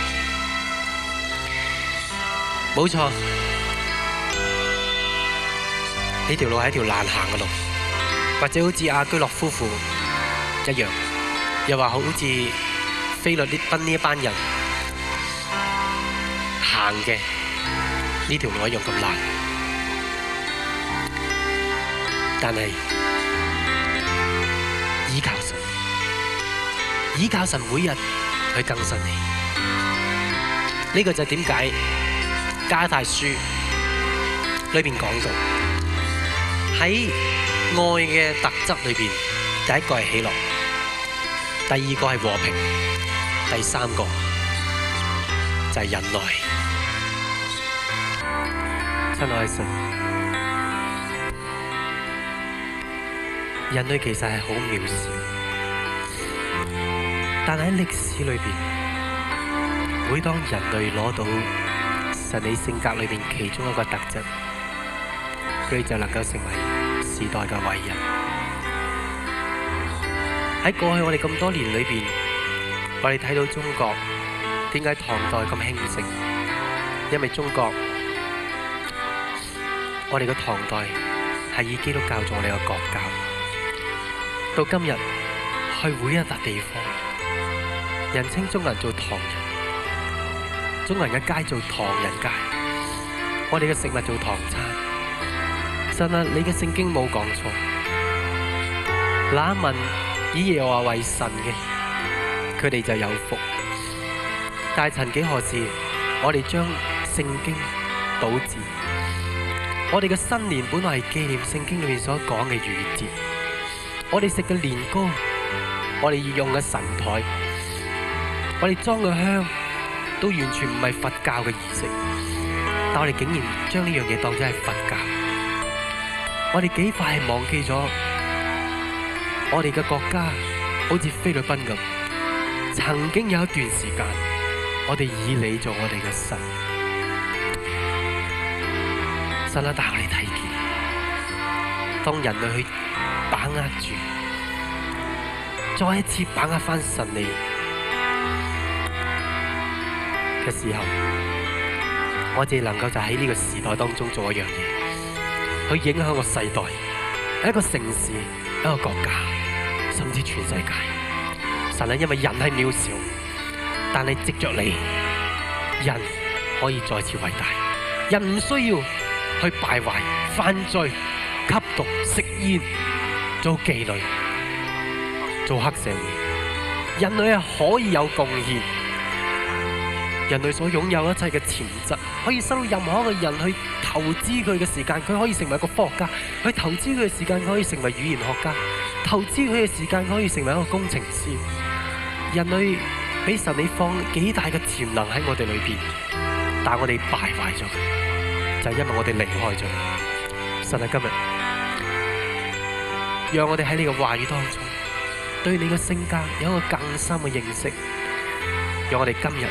[SPEAKER 1] 冇錯，呢條路係一條難行嘅路，或者好似阿居樂夫婦一樣，又話好似菲律賓呢一班人。難嘅呢條路用咁難，但係依靠神，依靠神每日去更新你。呢個就係點解加大書裏邊講到喺愛嘅特質裏邊，第一個係喜樂，第二個係和平，第三個就係忍耐。人類其實係好渺小，但係喺歷史裏邊，每當人類攞到神理性格裏邊其中一個特質，佢哋就能夠成為時代嘅偉人。喺過去我哋咁多年裏邊，我哋睇到中國點解唐代咁興盛，因為中國。我哋嘅唐代係以基督教做我哋嘅國教，到今日去每一笪地方，人稱中人做唐人，中人嘅街做唐人街，我哋嘅食物做唐餐。神啊，你嘅聖經冇講錯，那民以耶和華為神嘅，佢哋就有福。但係曾幾何時，我哋將聖經倒置。我哋嘅新年本來係紀念聖經裏面所講嘅逾越節，我哋食嘅年糕，我哋要用嘅神台，我哋裝嘅香，都完全唔係佛教嘅儀式，但我哋竟然將呢樣嘢當真係佛教，我哋幾快係忘記咗我哋嘅國家，好似菲律賓咁，曾經有一段時間，我哋以你做我哋嘅神。神咧，帶我哋睇見，當人類去把握住，再一次把握翻神嚟嘅時候，我哋能夠就喺呢個時代當中做一樣嘢，去影響個世代，喺一個城市，一個國家，甚至全世界。神咧，因為人係渺小，但係藉着你，人可以再次偉大。人唔需要。去敗壞、犯罪、吸毒、食煙、做妓女、做黑社會。人類可以有貢獻，人類所擁有一切嘅潛質，可以收到任何一個人去投資佢嘅時間，佢可以成為一個科學家；去投資佢嘅時間，可以成為語言學家；投資佢嘅時間，可以成為一個工程師。人類，俾神你放了幾大嘅潛能喺我哋裏邊，但係我哋敗壞咗佢。就係因為我哋離開咗你，實在今日，讓我哋喺你嘅話語當中，對你嘅性格有一個更深嘅認識，讓我哋今日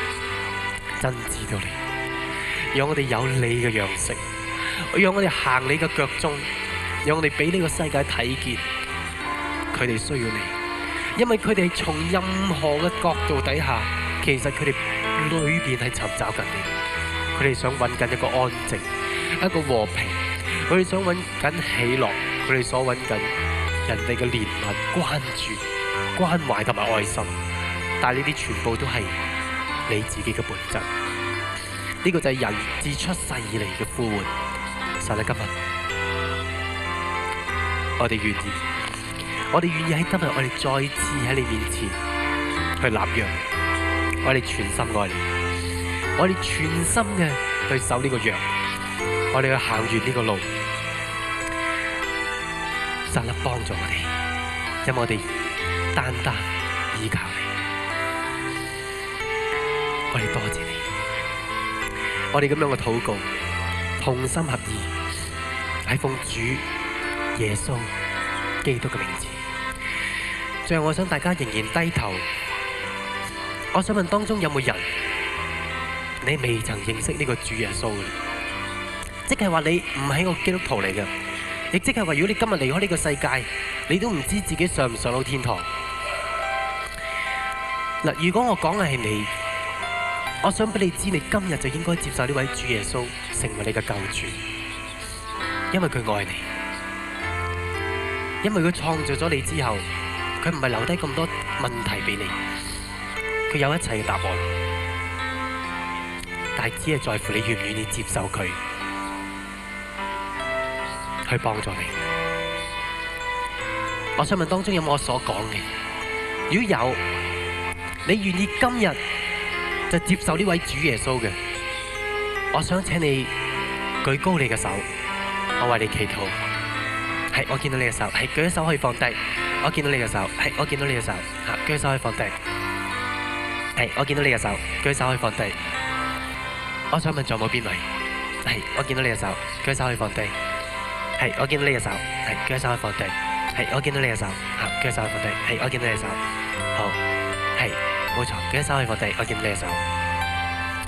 [SPEAKER 1] 真知道你，讓我哋有你嘅樣式，讓我哋行你嘅腳蹤，讓我哋俾呢個世界睇見，佢哋需要你，因為佢哋從任何嘅角度底下，其實佢哋裏邊係尋找緊你。佢哋想揾緊一個安靜、一個和平；佢哋想揾緊喜樂；佢哋所揾緊人哋嘅憐憫、關注、關懷同埋愛心。但係呢啲全部都係你自己嘅本質。呢、這個就係人自出世以嚟嘅呼喚。神啊，今日我哋願意，我哋願意喺今日，我哋再次喺你面前去立約，我哋全心愛你。我哋全心嘅去守呢個約，我哋去行完呢個路，神嚟幫助我哋，因我哋單單依靠你，我哋多謝你。我哋咁樣嘅禱告，同心合意，係奉主耶穌基督嘅名字。最後我想大家仍然低頭，我想問當中有冇人？你未曾認識呢個主耶穌，即係話你唔係個基督徒嚟嘅，亦即係話如果你今日離開呢個世界，你都唔知自己上唔上到天堂。嗱，如果我講嘅係你，我想俾你知，你今日就應該接受呢位主耶穌成為你嘅救主，因為佢愛你，因為佢創造咗你之後，佢唔係留低咁多問題俾你，佢有一切嘅答案。但只係在乎你願唔願意接受佢，去幫助你。我想問當中有冇我所講嘅？如果有，你願意今日就接受呢位主耶穌嘅？我想請你舉高你嘅手，我為你祈禱。係，我見到你嘅手，係，舉手可以放低。我見到你嘅手，係，我見到你嘅手，舉手可以放低。係，我見到你嘅手，舉手可以放低。我想問左冇邊位？係，我見到你隻手，佢隻手可以放低。係，我見到你隻手，係佢隻手可以放低。係，我見到你隻手，吓佢隻手可以放低。係，我見到你隻手，好，係冇錯，佢隻手可以放低，我見到你隻手，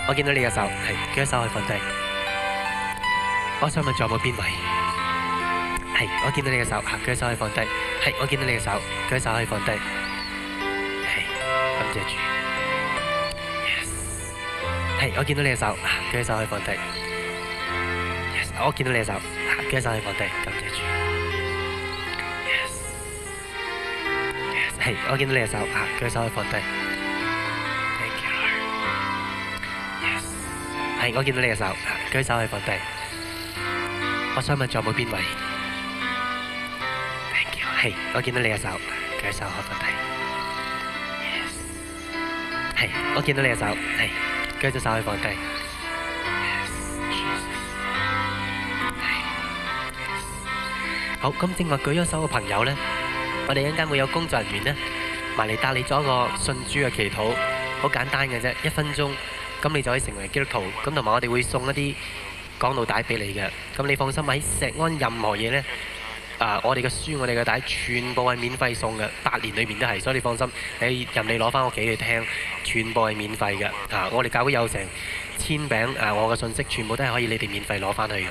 [SPEAKER 1] 我見到你隻手，係佢隻手可以放低。我想問左冇邊位？係，我見到你隻手，吓佢隻手可以放低。係，我見到你隻手，佢隻手可以放低。係，好對住。係，我見到你嘅手，舉手可以放低。Yes，我見到你嘅手，舉手可以放低。咁記住。Yes，Yes。係，我見到你嘅手，舉手可以放低。Thank you。Yes。係，我見到你嘅手，舉手可以放低。我想問在座邊位？Thank you。係，我見到你嘅手，舉手可以放低。Yes。係，我見到你嘅手，係。繼續手去放低。好，咁正話舉咗手嘅朋友咧，我哋一陣間會有工作人員咧，埋嚟帶你做一個信主嘅祈禱，好簡單嘅啫，一分鐘，咁你就可以成為基督徒。咁同埋我哋會送一啲講道帶俾你嘅，咁你放心喺石安任何嘢咧。啊！我哋嘅書，我哋嘅帶，全部係免費送嘅，八年裏面都係，所以你放心，你任你攞翻屋企去聽，全部係免費嘅。啊！我哋教會有成千餅啊！我嘅信息全部都係可以你哋免費攞翻去嘅。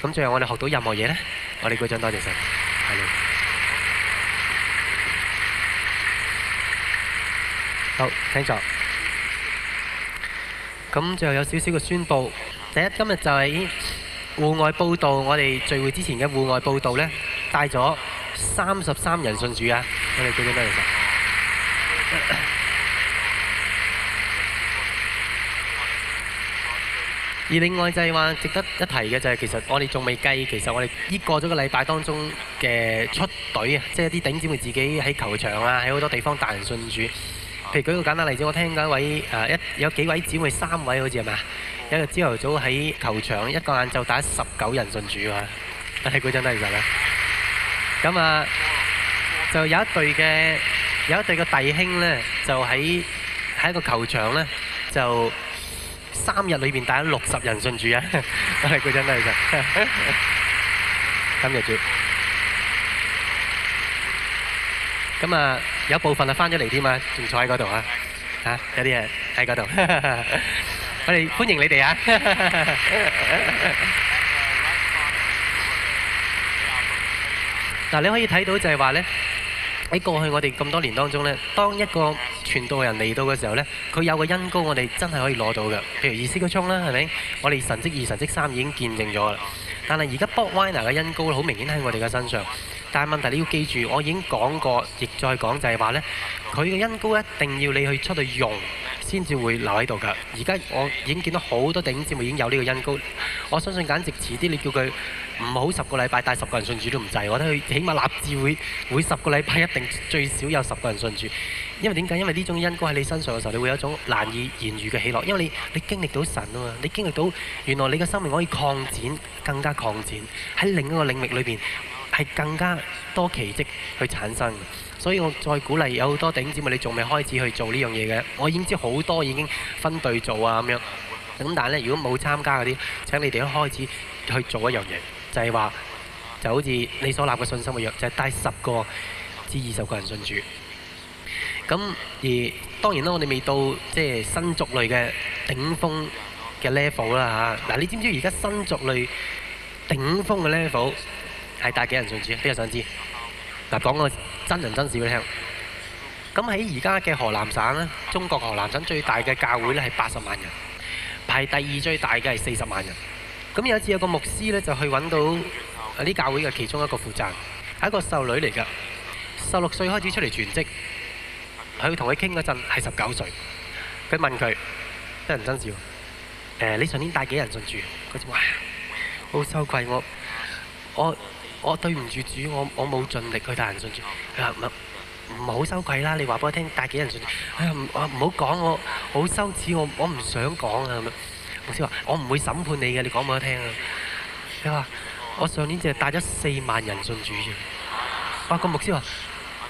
[SPEAKER 1] 咁最後我哋學到任何嘢呢，我哋舉掌多謝曬。好，請坐！咁最後有少少嘅宣佈，第一，今日就係、是，戶外報道，我哋聚會之前嘅戶外報道呢，帶咗三十三人信主啊！我哋叫咗咩嚟？而另外就係話，值得一提嘅就係，其實我哋仲未計，其實我哋呢過咗個禮拜當中嘅出隊啊，即係啲頂姊妹自己喺球場啊，喺好多地方帶人信主。譬如舉個簡單例子，我聽緊一位誒一有幾位姊妹，三位好似係咪啊？一日朝頭早喺球場，一個晏晝打十九人信主啊！睇嗰張啦，其實咧，咁啊，就有一隊嘅有一隊嘅弟兄咧，就喺喺個球場咧，就三日裏邊打六十人信主啊！睇嗰張啦，其實，今日住，咁啊，有部分啊翻咗嚟添啊，仲坐喺嗰度啊，嚇，有啲人喺嗰度。我哋歡迎你哋啊！嗱，你可以睇到就係話咧，喺過去我哋咁多年當中咧，當一個傳道人嚟到嘅時候咧，佢有個恩膏，我哋真係可以攞到嘅。譬如二色哥聰啦，係咪？我哋神蹟二、神蹟三已經見證咗啦。但係而家 Bob Weiner 嘅恩膏咧，好明顯喺我哋嘅身上。但係問題你要記住，我已經講過，亦再講，就係話咧，佢嘅恩膏一定要你去出去用。先至會留喺度㗎。而家我已經見到好多頂尖，已經有呢個恩膏。我相信簡直遲啲，你叫佢唔好十個禮拜帶十個人信主都唔制。我覺得佢起碼立志會每十個禮拜一定最少有十個人信主。因為點解？因為呢種恩膏喺你身上嘅時候，你會有一種難以言喻嘅喜樂。因為你你經歷到神啊嘛，你經歷到原來你嘅生命可以擴展，更加擴展喺另一個領域裏邊，係更加多奇蹟去產生。所以我再鼓勵有好多頂尖啊，你仲未開始去做呢樣嘢嘅，我已經知好多已經分隊做啊咁樣。咁但係咧，如果冇參加嗰啲，請你哋開始去做一樣嘢，就係話，就好似你所立嘅信心一樣，就係帶十個至二十個人信主。咁而當然啦，我哋未到即係新族類嘅頂峰嘅 level 啦吓，嗱，你知唔知而家新族類頂峰嘅 level 係帶幾人信主？非常想知。嗱，講個真人真事畀你聽。咁喺而家嘅河南省呢，中國河南省最大嘅教會呢係八十萬人，排第二最大嘅係四十萬人。咁有一次有一個牧師呢就去揾到啊呢教會嘅其中一個負責係一個秀女嚟㗎，十六歲開始出嚟全職。佢同佢傾嗰陣係十九歲，佢問佢真人真事喎，呃，你上年帶幾人信主？說」佢話好羞愧我我。我我對唔住主，我我冇盡力去帶人信主。佢話，唔唔好羞愧啦，你話俾我聽帶幾人信主？哎呀，唔我唔好講，我好羞恥，我我唔想講啊咁樣。牧師話：我唔會審判你嘅，你講俾我聽啊。佢話：我上年淨係帶咗四萬人信主。哇！個牧師話：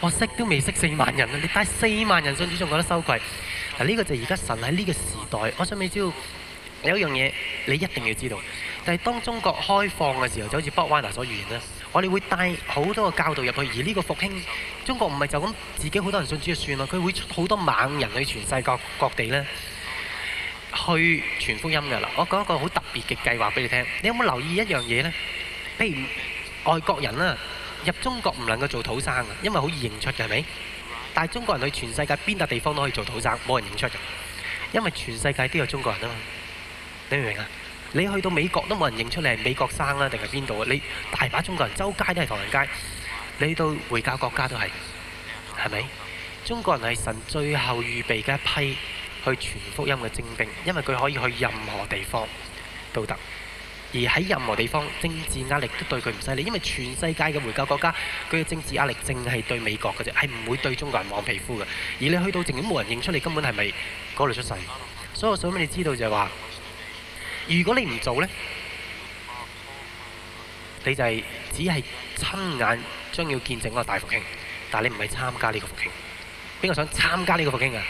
[SPEAKER 1] 我識都未識四萬人啊，你帶四萬人信主仲覺得羞愧？嗱，呢個就係而家神喺呢個時代，我想你只要有一樣嘢，你一定要知道，但係當中國開放嘅時候，就好似北灣達所預言啦。我哋會帶好多個教導入去，而呢個復興中國唔係就咁自己好多人信主就算啦，佢會好多猛人去全世界各地咧，去傳福音㗎喇。我講一,一個好特別嘅計劃俾你聽，你有冇留意一樣嘢呢？譬如外國人啊，入中國唔能夠做土生嘅，因為好易認出嘅係咪？但係中國人去全世界邊笪地方都可以做土生，冇人認出嘅，因為全世界都有中國人嘛，你明唔明啊？你去到美國都冇人認出你係美國生啦，定係邊度啊？你大把中國人周街都係唐人街，你去到回教國家都係，係咪？中國人係神最後預備嘅一批去傳福音嘅精兵，因為佢可以去任何地方都得，而喺任何地方政治壓力都對佢唔犀利，因為全世界嘅回教國家佢嘅政治壓力淨係對美國嘅啫，係唔會對中國人黃皮膚嘅。而你去到，淨係冇人認出你，根本係咪嗰度出世？所以我想俾你知道就係話。如果你唔做呢，你就係只係親眼將要見證嗰個大復興，但係你唔係參加呢個復興。邊個想參加呢個復興啊？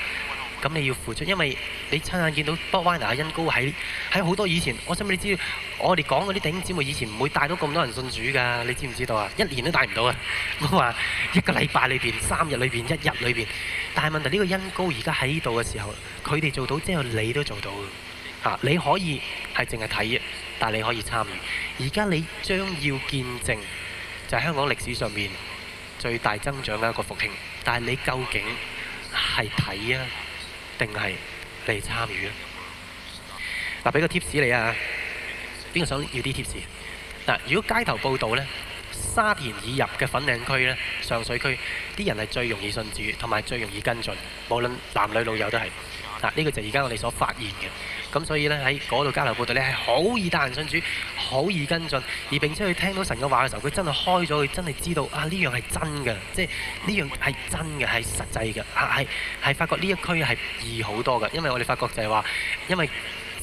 [SPEAKER 1] 咁你要付出，因為你親眼見到 Bobina 阿恩高喺喺好多以前，我想畀你知，我哋講嗰啲弟兄姊妹以前唔會帶到咁多人信主噶，你知唔知道啊？一年都帶唔到啊！我話一個禮拜裏邊、三日裏邊、一日裏邊，但係問題呢個恩高而家喺依度嘅時候，佢哋做到之後，你都做到。嗱，你可以係淨係睇，但係你可以參與。而家你將要見證就係香港歷史上面最大增長嘅一個復興，但係你究竟係睇啊，定係嚟你參與啊？嗱，俾個 tips 你啊，邊個想要啲 tips？嗱，如果街頭報道呢，沙田已入嘅粉嶺區咧、上水區啲人係最容易信主，同埋最容易跟進，無論男女老幼都係。嗱，呢個就係而家我哋所發現嘅。咁所以咧喺嗰度交流佈道，你係好易帶人信主，好易跟進，而並且佢聽到神嘅話嘅時候，佢真係開咗，佢真係知道啊呢樣係真嘅，即係呢樣係真嘅，係實際嘅啊，係係發覺呢一區係易好多嘅，因為我哋發覺就係話，因為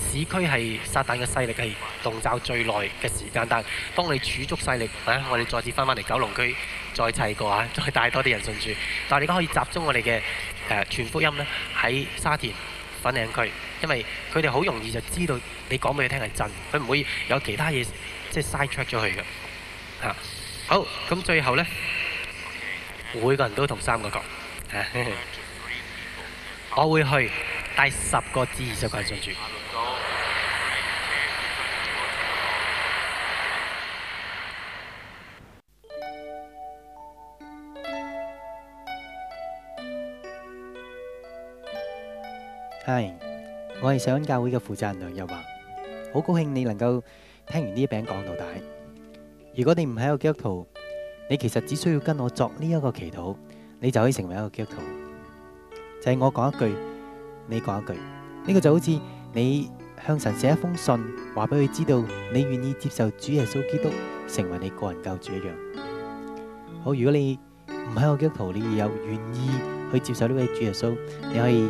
[SPEAKER 1] 市區係撒旦嘅勢力係籠罩最耐嘅時間，但係當你儲足勢力，我哋再次翻返嚟九龍區再砌過嚇，再帶多啲人信主，但係你而家可以集中我哋嘅誒傳福音咧喺沙田。粉嶺區，因為佢哋好容易就知道你講俾佢聽係真，佢唔會有其他嘢即係嘥出咗去嘅。吓、啊，好，咁最後呢，每個人都同三個講，啊、 我會去帶十個至二十個人信主。Hi，我係上教會嘅負責人梁又華，好高興你能夠聽完呢一篇講道。如果你唔係一個基督徒，你其實只需要跟我作呢一個祈禱，你就可以成為一個基督徒。就係我講一句，你講一句，呢個就好似你向神寫一封信，話俾佢知道你願意接受主耶穌基督成為你個人救主一樣。好，如果你唔係一個基督徒，你又願意去接受呢位主耶穌，你可以